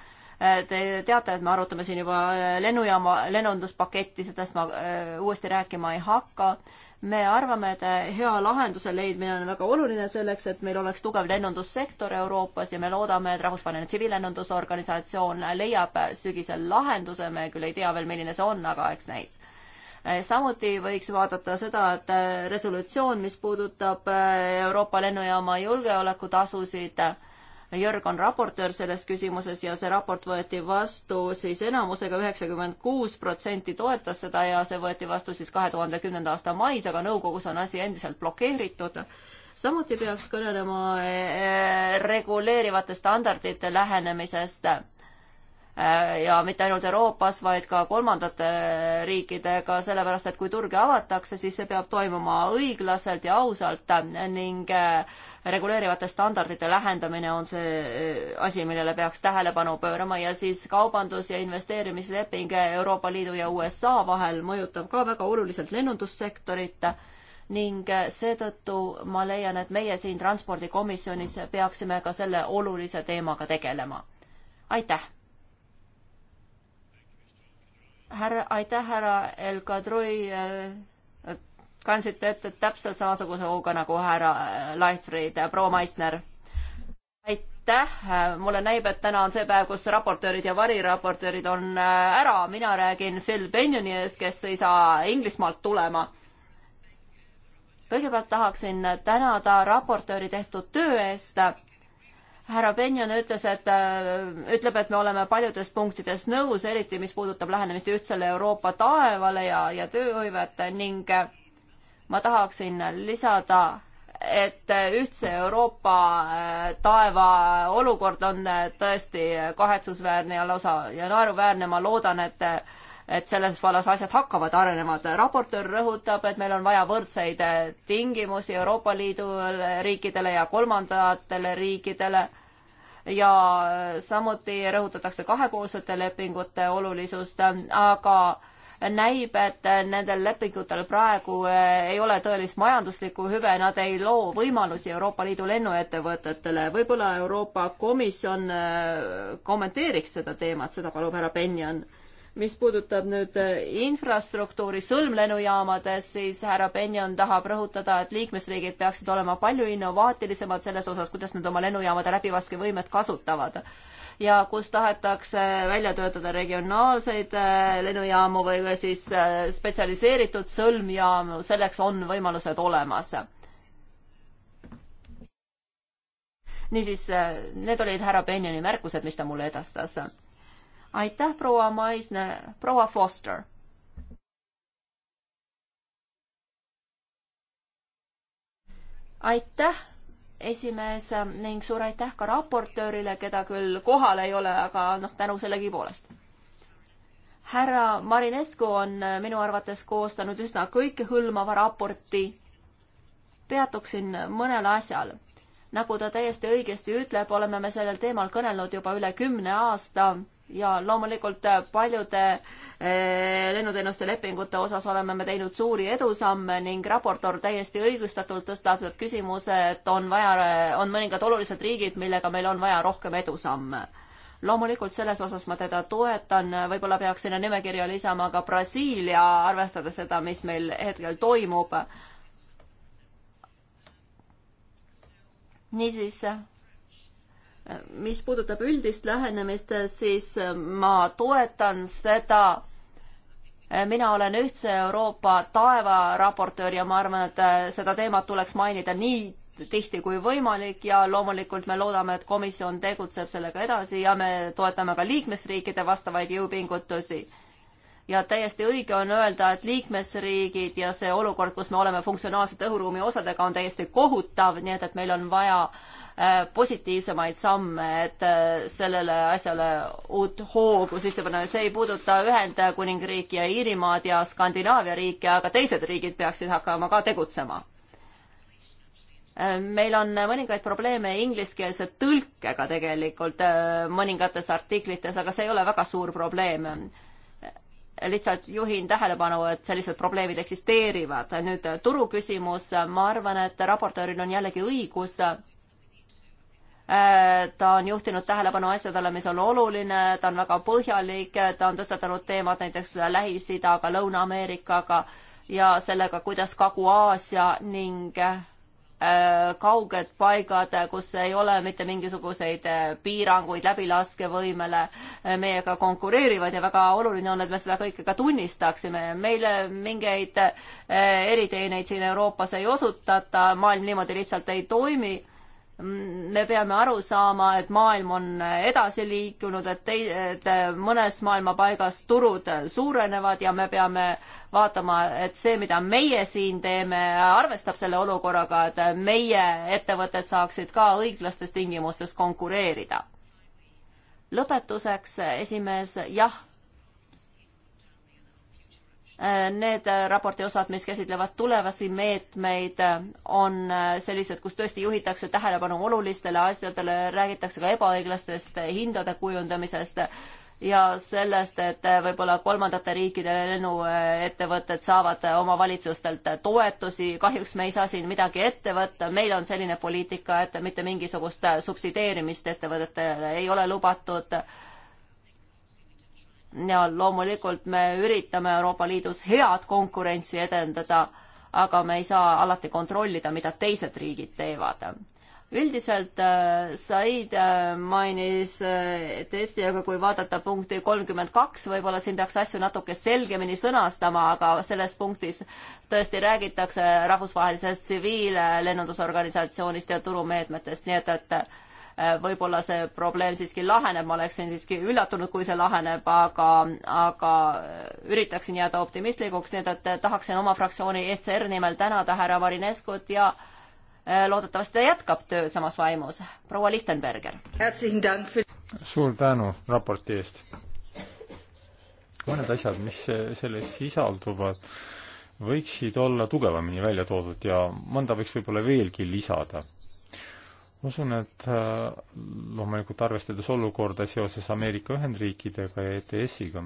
Te teate, et me arutame siin juba äh, lennujaama, lennunduspaketti, sellest ma äh, uuesti rääkima ei hakka. me arvame, et äh, hea lahenduse leidmine on väga oluline selleks, et meil oleks tugev lennundussektor Euroopas ja me loodame, et Rahvusvaheline Tsiviillennundusorganisatsioon leiab sügisel lahenduse, me küll ei tea veel, milline see on, aga eks näis samuti võiks vaadata seda, et resolutsioon, mis puudutab Euroopa lennujaama julgeolekutasusid, Jörg on raportöör selles küsimuses ja see raport võeti vastu siis enamusega, üheksakümmend kuus protsenti toetas seda ja see võeti vastu siis kahe tuhande kümnenda aasta mais, aga nõukogus on asi endiselt blokeeritud. samuti peaks kõnelema eh, eh, reguleerivate standardite lähenemisest Äh, ja mitte ainult Euroopas, vaid ka kolmandate riikidega, sellepärast et kui turge avatakse, siis see peab toimuma õiglaselt ja ausalt ning äh, reguleerivate standardite lähendamine on see äh, asi, millele peaks tähelepanu pöörama ja siis kaubandus- ja investeerimisleping Euroopa Liidu ja USA vahel mõjutab ka väga oluliselt lennundussektorit ning seetõttu ma leian, et meie siin transpordikomisjonis peaksime ka selle olulise teemaga tegelema. aitäh! härra, aitäh, härra El Kadri, äh, kandsite ette täpselt samasuguse hooga nagu härra äh, Leifrid, äh, proua Maisner. aitäh, mulle näib, et täna on see päev, kus raportöörid ja variraportöörid on ära, mina räägin Phil Benjoni ees, kes ei saa Inglismaalt tulema. kõigepealt tahaksin tänada raportööri tehtud töö eest härra Benjon ütles, et, äh, ütleb, et me oleme paljudes punktides nõus, eriti mis puudutab lähenemist ühtsele Euroopa taevale ja, ja tööhõivet ning äh, ma tahaksin lisada, et äh, ühtse Euroopa taeva olukord on tõesti kahetsusväärne ja lausa ja naeruväärne, ma loodan, et et selles vallas asjad hakkavad arenema. raportöör rõhutab, et meil on vaja võrdseid eh, tingimusi Euroopa Liidu eh, riikidele ja kolmandatele riikidele ja eh, samuti rõhutatakse kahepoolsete lepingute olulisust, aga näib, et nendel lepingutel praegu ei ole tõelist majanduslikku hüve, nad ei loo võimalusi Euroopa Liidu lennuettevõtetele. võib-olla Euroopa Komisjon kommenteeriks seda teemat, seda palub härra Benjan mis puudutab nüüd äh, infrastruktuuri sõlmlennujaamades, siis härra Benjon tahab rõhutada, et liikmesriigid peaksid olema palju innovaatilisemad selles osas, kuidas nad oma lennujaamade läbivaskevõimet kasutavad. ja kus tahetakse välja töötada regionaalseid äh, lennujaamu või siis äh, spetsialiseeritud sõlmjaamu, selleks on võimalused olemas niisiis, need olid härra Benjani märkused, mis ta mulle edastas aitäh, proua Maisner, proua Foster. aitäh, esimees ning suur aitäh ka raportöörile, keda küll kohal ei ole, aga noh, tänu sellegipoolest härra Marinescu on minu arvates koostanud üsna kõikehõlmava raporti. peatuksin mõnel asjal. nagu ta täiesti õigesti ütleb, oleme me sellel teemal kõnelnud juba üle kümne aasta ja loomulikult paljude eh, lennuteenuste lepingute osas oleme me teinud suuri edusamme ning raportor täiesti õigustatult tõstab küsimuse, et on vaja, on mõningad olulised riigid, millega meil on vaja rohkem edusamme. loomulikult selles osas ma teda toetan, võib-olla peaks sinna nimekirja lisama ka Brasiilia, arvestades seda, mis meil hetkel toimub. niisiis mis puudutab üldist lähenemist, siis äh, ma toetan seda. Äh, mina olen Ühtse Euroopa taeva raportöör ja ma arvan, et äh, seda teemat tuleks mainida nii tihti kui võimalik ja loomulikult me loodame, et komisjon tegutseb sellega edasi ja me toetame ka liikmesriikide vastavaid jõupingutusi. ja täiesti õige on öelda, et liikmesriigid ja see olukord, kus me oleme funktsionaalsete õhuruumi osadega, on täiesti kohutav, nii et, et meil on vaja äh, Äh, positiivsemaid samme, et äh, sellele asjale uut hoogu sisse panna. see ei puuduta Ühendkuningriiki ja Iirimaad ja Skandinaavia riike, aga teised riigid peaksid hakkama ka tegutsema. Äh, meil on mõningaid probleeme ingliskeelse tõlkega tegelikult mõningates artiklites, aga see ei ole väga suur probleem lihtsalt juhin tähelepanu, et sellised probleemid eksisteerivad. nüüd turu küsimus, ma arvan, et raportööril on jällegi õigus Äh, ta on juhtinud tähelepanu asjadele, mis on oluline, ta on väga põhjalik, ta on tõstatanud teemad näiteks Lähis-Idaga, Lõuna-Ameerikaga ja sellega, kuidas Kagu-Aasia ning äh, kauged paigad, kus ei ole mitte mingisuguseid äh, piiranguid läbilaskevõimele, meiega konkureerivad ja väga oluline on, et me seda kõike ka tunnistaksime. meile mingeid eriteeneid siin Euroopas ei osutata, maailm niimoodi lihtsalt ei toimi Mm, me peame aru saama, et maailm on edasi liikunud, et tei-, et mõnes maailma paigas turud suurenevad ja me peame vaatama, et see, mida meie siin teeme, arvestab selle olukorraga, et meie ettevõtted saaksid ka õiglastes tingimustes konkureerida. lõpetuseks, esimees, jah Need raporti osad, mis käsitlevad tulevasi meetmeid, on sellised, kus tõesti juhitakse tähelepanu olulistele asjadele, räägitakse ka ebaõiglastest hindade kujundamisest ja sellest, et võib-olla kolmandate riikide lennuettevõtted saavad oma valitsustelt toetusi, kahjuks me ei saa siin midagi ette võtta, meil on selline poliitika, et mitte mingisugust subsideerimist ettevõtetele ei ole lubatud ja loomulikult me üritame Euroopa Liidus head konkurentsi edendada, aga me ei saa alati kontrollida, mida teised riigid teevad. üldiselt äh, Said äh, mainis äh, tõesti, aga kui vaadata punkti kolmkümmend kaks, võib-olla siin peaks asju natuke selgemini sõnastama, aga selles punktis tõesti räägitakse rahvusvahelisest tsiviillennundusorganisatsioonist ja turumeetmetest, nii et, et Äh, võib-olla see probleem siiski laheneb, ma oleksin siiski üllatunud, kui see laheneb, aga, aga äh, üritaksin jääda optimistlikuks, nii et, et tahaksin oma fraktsiooni ECR nimel tänada härra Marineskut ja äh, loodetavasti ta jätkab tööd samas vaimus. proua Lichtenberger. suur tänu raporti eest. mõned asjad, mis selles sisalduvad, võiksid olla tugevamini välja toodud ja mõnda võiks võib-olla veelgi lisada usun, et äh, loomulikult arvestades olukorda seoses Ameerika Ühendriikidega ja ETS-iga,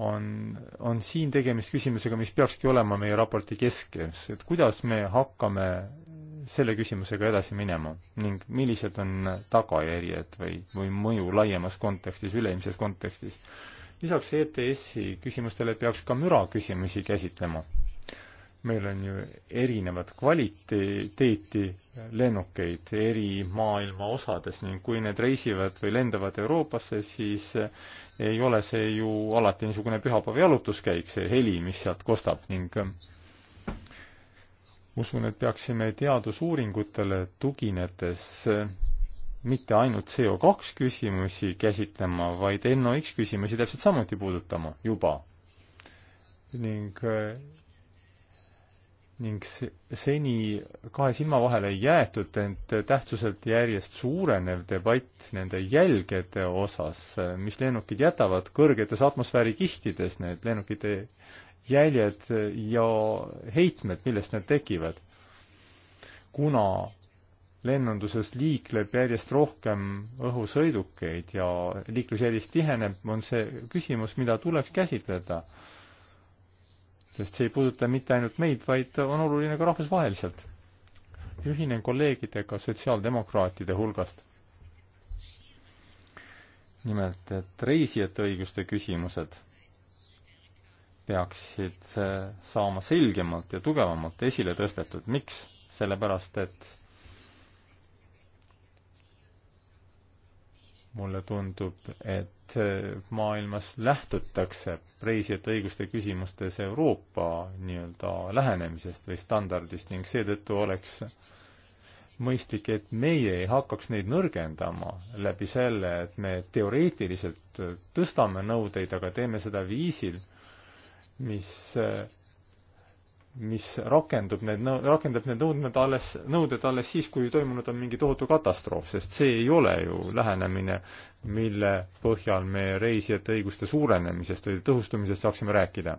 on, on siin tegemist küsimusega, mis peakski olema meie raporti keskes, et kuidas me hakkame selle küsimusega edasi minema ning millised on tagajärjed või, või mõju laiemas kontekstis, üleilmses kontekstis. lisaks ETS-i küsimustele peaks ka müra küsimusi käsitlema meil on ju erinevat kvaliteeti lennukeid eri maailma osades ning kui need reisivad või lendavad Euroopasse, siis ei ole see ju alati niisugune pühapäeva jalutuskäik, see heli, mis sealt kostab ning äh, usun, et peaksime teadusuuringutele tuginedes äh, mitte ainult CO2 küsimusi käsitlema, vaid NOx küsimusi täpselt samuti puudutama juba. ning äh, ning seni kahe silma vahele ei jäetud, ent tähtsuselt järjest suurenev debatt nende jälgede osas, mis lennukid jätavad kõrgetes atmosfäärikihtides, need lennukite jäljed ja heitmed, millest need tekivad. kuna lennunduses liikleb järjest rohkem õhusõidukeid ja liiklusjärjest tiheneb, on see küsimus, mida tuleks käsitleda sest see ei puuduta mitte ainult meid, vaid on oluline ka rahvusvaheliselt. ühinen kolleegidega sotsiaaldemokraatide hulgast. nimelt, et reisijate õiguste küsimused peaksid äh, saama selgemalt ja tugevamalt esile tõstetud. miks? sellepärast, et mulle tundub, et eh, maailmas lähtutakse reisijate õiguste küsimustes Euroopa nii-öelda lähenemisest või standardist ning seetõttu oleks mõistlik, et meie ei hakkaks neid nõrgendama läbi selle, et me teoreetiliselt tõstame nõudeid, aga teeme seda viisil, mis eh, mis rakendub need, rakendab need nõudmed alles, nõuded alles siis, kui toimunud on mingi tohutu katastroof, sest see ei ole ju lähenemine, mille põhjal me reisijate õiguste suurenemisest või tõhustumisest saaksime rääkida.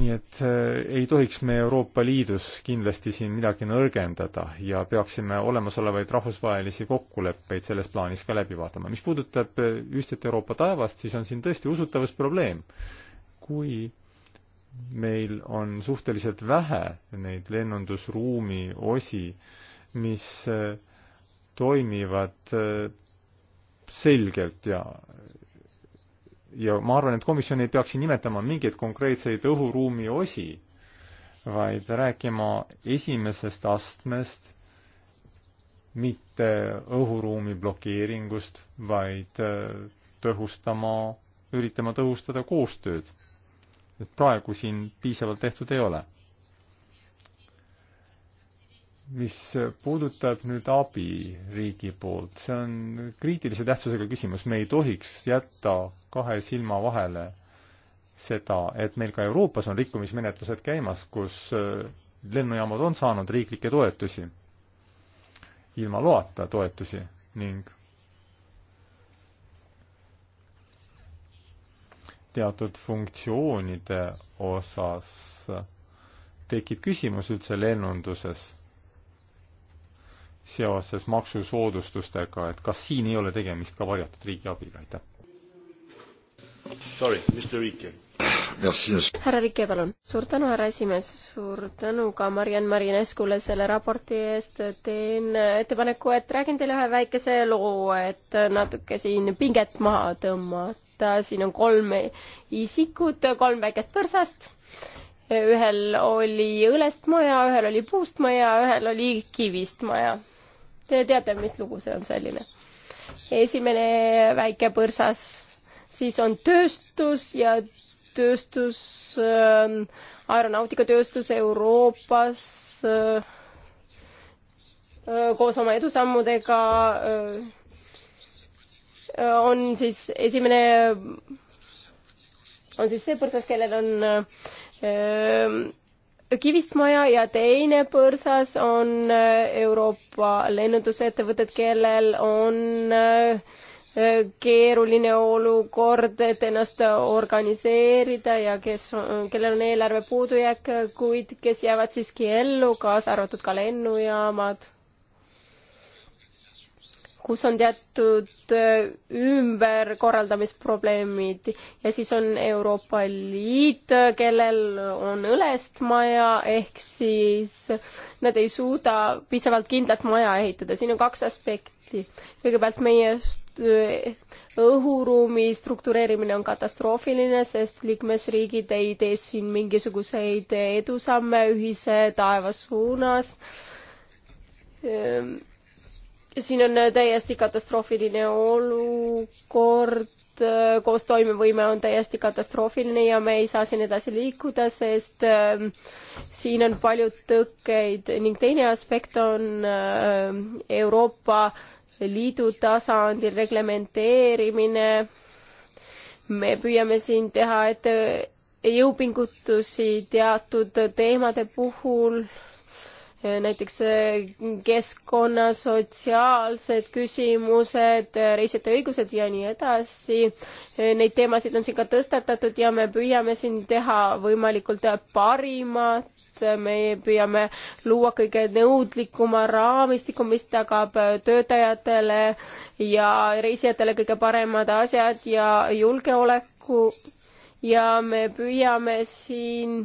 nii et äh, ei tohiks me Euroopa Liidus kindlasti siin midagi nõrgendada ja peaksime olemasolevaid rahvusvahelisi kokkuleppeid selles plaanis ka läbi vaatama. mis puudutab eh, ühtset Euroopa taevast, siis on siin tõesti usutavusprobleem. kui meil on suhteliselt vähe neid lennundusruumi osi, mis eh, toimivad eh, selgelt ja ja ma arvan, et komisjon ei peaks siin nimetama mingeid konkreetseid õhuruumi osi, vaid rääkima esimesest astmest, mitte õhuruumi blokeeringust, vaid eh, tõhustama, üritama tõhustada koostööd et praegu siin piisavalt tehtud ei ole. mis puudutab nüüd abi riigi poolt, see on kriitilise tähtsusega küsimus, me ei tohiks jätta kahe silma vahele seda, et meil ka Euroopas on rikkumismenetlused käimas, kus äh, lennujaamad on saanud riiklikke toetusi, ilma loata toetusi ning teatud funktsioonide osas tekib küsimus üldse lennunduses seoses maksusoodustustega, et kas siin ei ole tegemist ka varjatud riigiabiga, aitäh. Sorry, Mr Riike. härra Riike, palun. suur tänu, härra esimees, suur tänu ka Mariann Marineskule selle raporti eest. teen ettepaneku, et räägin teile ühe väikese loo, et natuke siin pinget maha tõmmata Äh, siin on kolm isikut, kolm väikest põrsast. ühel oli õlest maja, ühel oli puust maja, ühel oli kivist maja. Te teate, mis lugu see on selline? esimene väike põrsas, siis on tööstus ja tööstus ähm, äh,, aeronautikatööstus Euroopas äh, koos oma edusammudega äh, on siis esimene, on siis see põrsas, kellel on öö, äh, kivistmaja ja teine põrsas on äh, Euroopa lennundusettevõtted, kellel on äh, keeruline olukord, et ennast organiseerida ja kes, kellel on eelarve puudujääk, kuid kes jäävad siiski ellu, kaasa arvatud ka lennujaamad kus on teatud äh, ümberkorraldamisprobleemid ja siis on Euroopa Liit, kellel on õlest maja, ehk siis nad ei suuda piisavalt kindlat maja ehitada. siin on kaks aspekti. kõigepealt meie äh, õhuruumi struktureerimine on katastroofiline, sest liikmesriigid ei tee siin mingisuguseid edusamme ühise taeva suunas ehm, siin on äh, täiesti katastroofiline olukord, äh, koos toimevõime on täiesti katastroofiline ja me ei saa siin edasi liikuda, sest ähm, siin on palju tõkkeid ning teine aspekt on äh, Euroopa Liidu tasandil reglementeerimine. me püüame siin teha ette jõupingutusi teatud teemade puhul Äh, näiteks äh, keskkonna, sotsiaalsed küsimused, äh, reisijate õigused ja nii edasi. Neid teemasid on siin ka tõstatatud ja me püüame siin teha võimalikult parimat, me püüame luua kõige nõudlikuma raamistiku, mis tagab töötajatele ja reisijatele kõige paremad asjad ja julgeoleku ja me püüame siin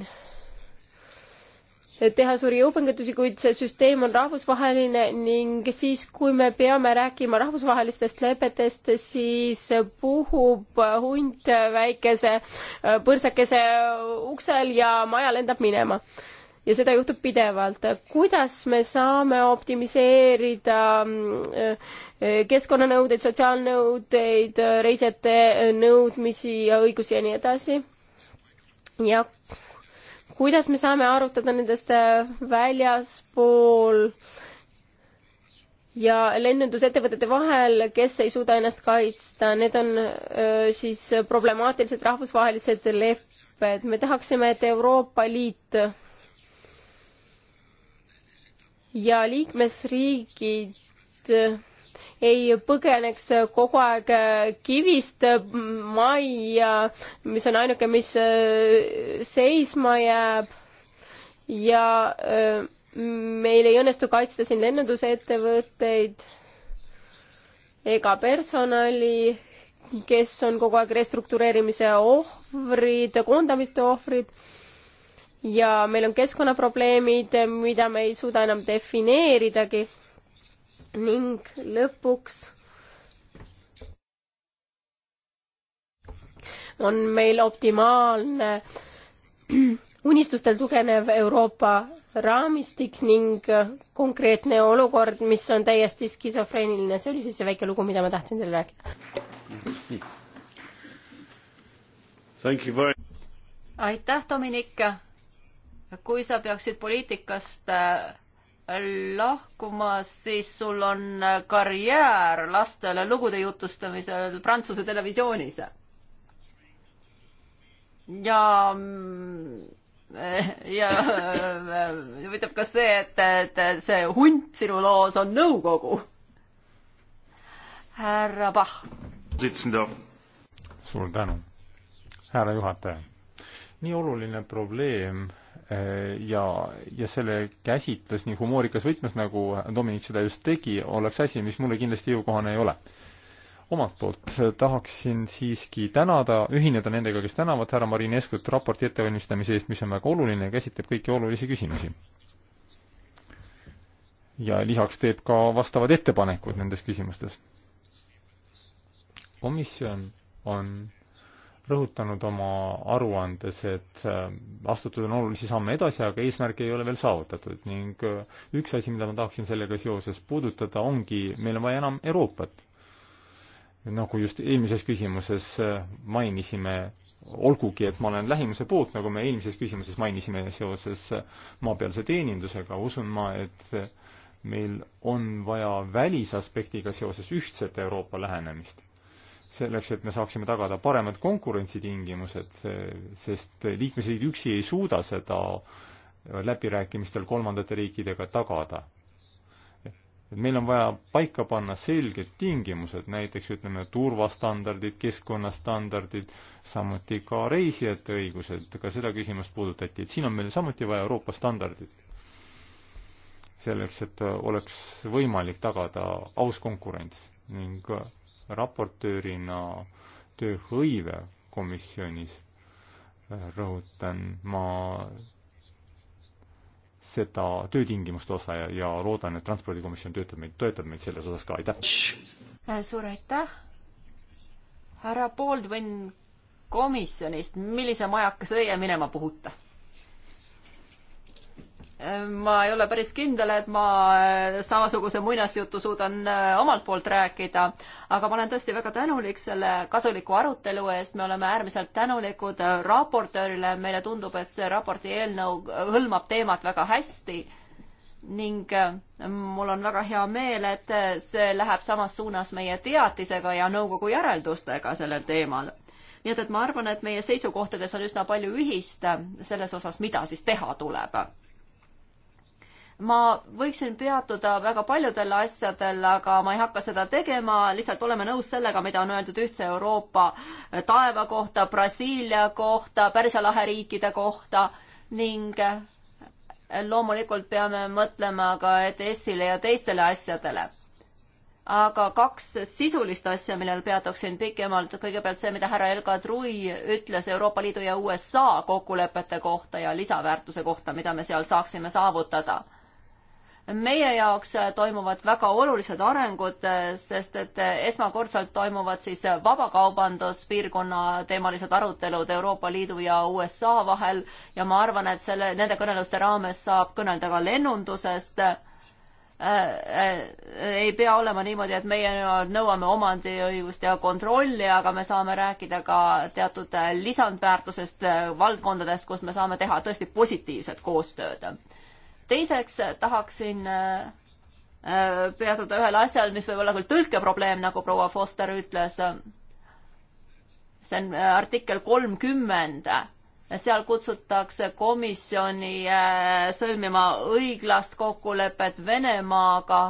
teha suuri jõupingutusi, kuid see süsteem on rahvusvaheline ning siis, kui me peame rääkima rahvusvahelistest lepetest, siis puhub hunt väikese põrsakese uksel ja maja lendab minema. ja seda juhtub pidevalt. kuidas me saame optimiseerida äh, keskkonnanõudeid, sotsiaalnõudeid, reisijate nõudmisi ja õigusi ja nii edasi? ja kuidas me saame arutada nendest äh, väljaspool ja lennundusettevõtete vahel, kes ei suuda ennast kaitsta, need on öö, äh, siis problemaatilised rahvusvahelised lepped. me tahaksime, et Euroopa Liit ja liikmesriigid ei põgeneks kogu aeg kivist majja, mis on ainuke, mis äh, seisma jääb ja äh, meil ei õnnestu kaitsta siin lennundusettevõtteid ega personali, kes on kogu aeg restruktureerimise ohvrid, koondamiste ohvrid ja meil on keskkonnaprobleemid, mida me ei suuda enam defineeridagi ning lõpuks on meil optimaalne unistustel tugenev Euroopa raamistik ning konkreetne olukord, mis on täiesti skisofreeniline. see oli siis see väike lugu, mida ma tahtsin teile rääkida. aitäh, Dominik. kui sa peaksid poliitikast äh, lahkumas, siis sul on karjäär lastele lugude jutustamisel Prantsuse televisioonis. ja ja ütleb ka see, et, et see hunt sinu loos on nõukogu. härra Pahh. suur tänu, härra juhataja. nii oluline probleem Äh, ja, ja selle käsitlus nii humoorikas võtmes, nagu Dominik seda just tegi, oleks asi, mis mulle kindlasti jõukohane ei ole. omalt poolt äh, tahaksin siiski tänada, ühineda nendega, kes tänavad härra Marineskut raporti ettevalmistamise eest, mis on väga oluline ja käsitleb kõiki olulisi küsimusi. ja lisaks teeb ka vastavad ettepanekud nendes küsimustes. komisjon on rõhutanud oma aruandes, et äh, astutud on olulisi samme edasi, aga eesmärki ei ole veel saavutatud ning äh, üks asi, mida ma tahaksin sellega seoses puudutada, ongi, meil on vaja enam Euroopat. nagu just eelmises küsimuses äh, mainisime, olgugi et ma olen lähimuse poolt, nagu me eelmises küsimuses mainisime seoses maapealse teenindusega, usun ma, et meil on vaja välisaspektiga seoses ühtset Euroopa lähenemist selleks, et me saaksime tagada paremad konkurentsitingimused, sest liikmesriik üksi ei suuda seda läbirääkimistel kolmandate riikidega tagada. et meil on vaja paika panna selged tingimused, näiteks ütleme, turvastandardid, keskkonnastandardid, samuti ka reisijate õigused, ka seda küsimust puudutati, et siin on meil samuti vaja Euroopa standardid. selleks, et oleks võimalik tagada aus konkurents ning raportöörina tööhõive komisjonis äh, rõhutan ma seda töötingimuste osa ja, ja loodan, et Transpordikomisjon töötab meid, toetab meid selles osas ka, aitäh! Äh, suur aitäh! härra Baldwin komisjonist, millise majaka sõie minema puhuta? ma ei ole päris kindel, et ma äh, samasuguse muinasjutu suudan äh, omalt poolt rääkida, aga ma olen tõesti väga tänulik selle kasuliku arutelu eest, me oleme äärmiselt tänulikud äh, raportöörile, meile tundub, et see raporti eelnõu hõlmab teemat väga hästi ning mul on väga hea meel, et see läheb samas suunas meie teatisega ja nõukogu järeldustega sellel teemal. nii et, et ma arvan, et meie seisukohtades on üsna palju ühist selles osas, mida siis teha tuleb ma võiksin peatuda väga paljudel asjadel, aga ma ei hakka seda tegema, lihtsalt oleme nõus sellega, mida on öeldud Ühtse Euroopa eh, taeva kohta, Brasiilia kohta, Pärsia lahe riikide kohta ning eh, loomulikult peame mõtlema ka ETS-ile ja teistele asjadele. aga kaks sisulist asja, millel peatuksin pikemalt, kõigepealt see, mida härra Elka Trui ütles Euroopa Liidu ja USA kokkulepete kohta ja lisaväärtuse kohta, mida me seal saaksime saavutada meie jaoks äh, toimuvad väga olulised arengud, äh, sest et äh, esmakordselt toimuvad siis vabakaubanduspiirkonna teemalised arutelud Euroopa Liidu ja USA vahel ja ma arvan, et selle, nende kõneluste raames saab kõnelda ka lennundusest ei pea olema niimoodi, et meie nõuame omandiõigust ja kontrolli, aga me saame rääkida ka teatud lisandväärtusest valdkondadest, kus me saame teha tõesti positiivset koostööd teiseks tahaksin äh, peatuda ühel asjal, mis võib olla küll tõlkeprobleem, nagu proua Foster ütles. see on äh, artikkel kolmkümmend seal kutsutakse komisjoni äh, sõlmima õiglast kokkulepet Venemaaga.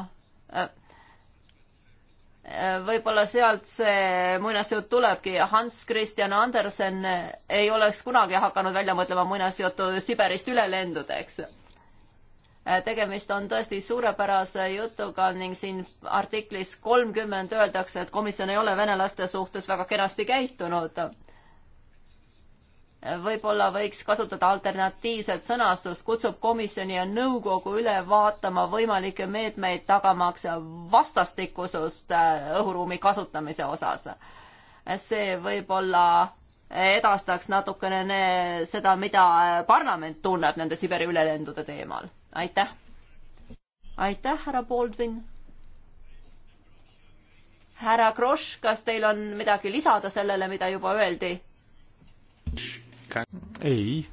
võib-olla sealt see muinasjutt tulebki. Hans Christian Andersen ei oleks kunagi hakanud välja mõtlema muinasjuttu Siberist ülelendudeks Äh, tegemist on tõesti suurepärase jutuga ning siin artiklis kolmkümmend öeldakse, et komisjon ei ole venelaste suhtes väga kenasti käitunud. Äh, võib-olla võiks kasutada alternatiivset sõnastust, kutsub komisjoni ja nõukogu üle vaatama võimalikke meetmeid, tagamaks vastastikusust äh, õhuruumi kasutamise osas. see võib-olla edastaks natukene seda, mida parlament tunneb nende Siberi ülelendude teemal aitäh. aitäh, härra Baldwin. härra Kross, kas teil on midagi lisada sellele, mida juba öeldi? ei.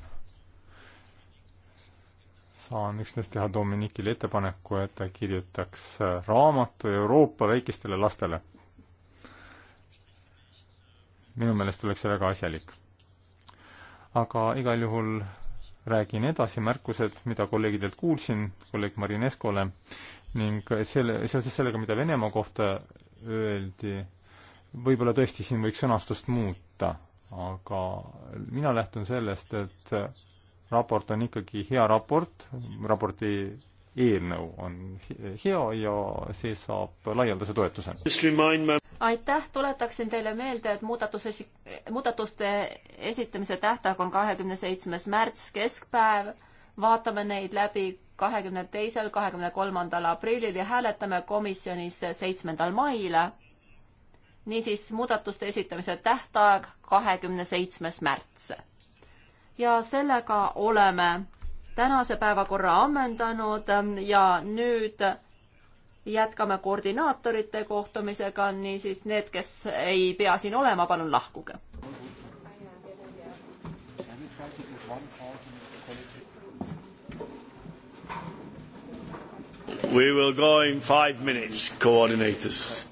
saan üksnes teha Dominikile ettepaneku, et ta kirjutaks raamatu Euroopa väikestele lastele. minu meelest oleks see väga asjalik. aga igal juhul räägin edasi märkused, mida kolleegidelt kuulsin, kolleeg Marineskole, ning selle, seoses sellega, mida Venemaa kohta öeldi, võib-olla tõesti siin võiks sõnastust muuta, aga mina lähtun sellest, et raport on ikkagi hea raport, raporti eelnõu on hea ja see saab laialdase toetuse. aitäh, tuletaksin teile meelde, et muudatuse, muudatuste esitamise tähtaeg on kahekümne seitsmes märts, keskpäev. vaatame neid läbi kahekümne teisel, kahekümne kolmandal aprillil ja hääletame komisjonis seitsmendal mail. niisiis, muudatuste esitamise tähtaeg kahekümne seitsmes märts. ja sellega oleme tänase päevakorra ammendanud ähm, ja nüüd jätkame koordinaatorite kohtumisega, niisiis need, kes ei pea siin olema, palun lahkuge. We will go in five minutes, coordinators.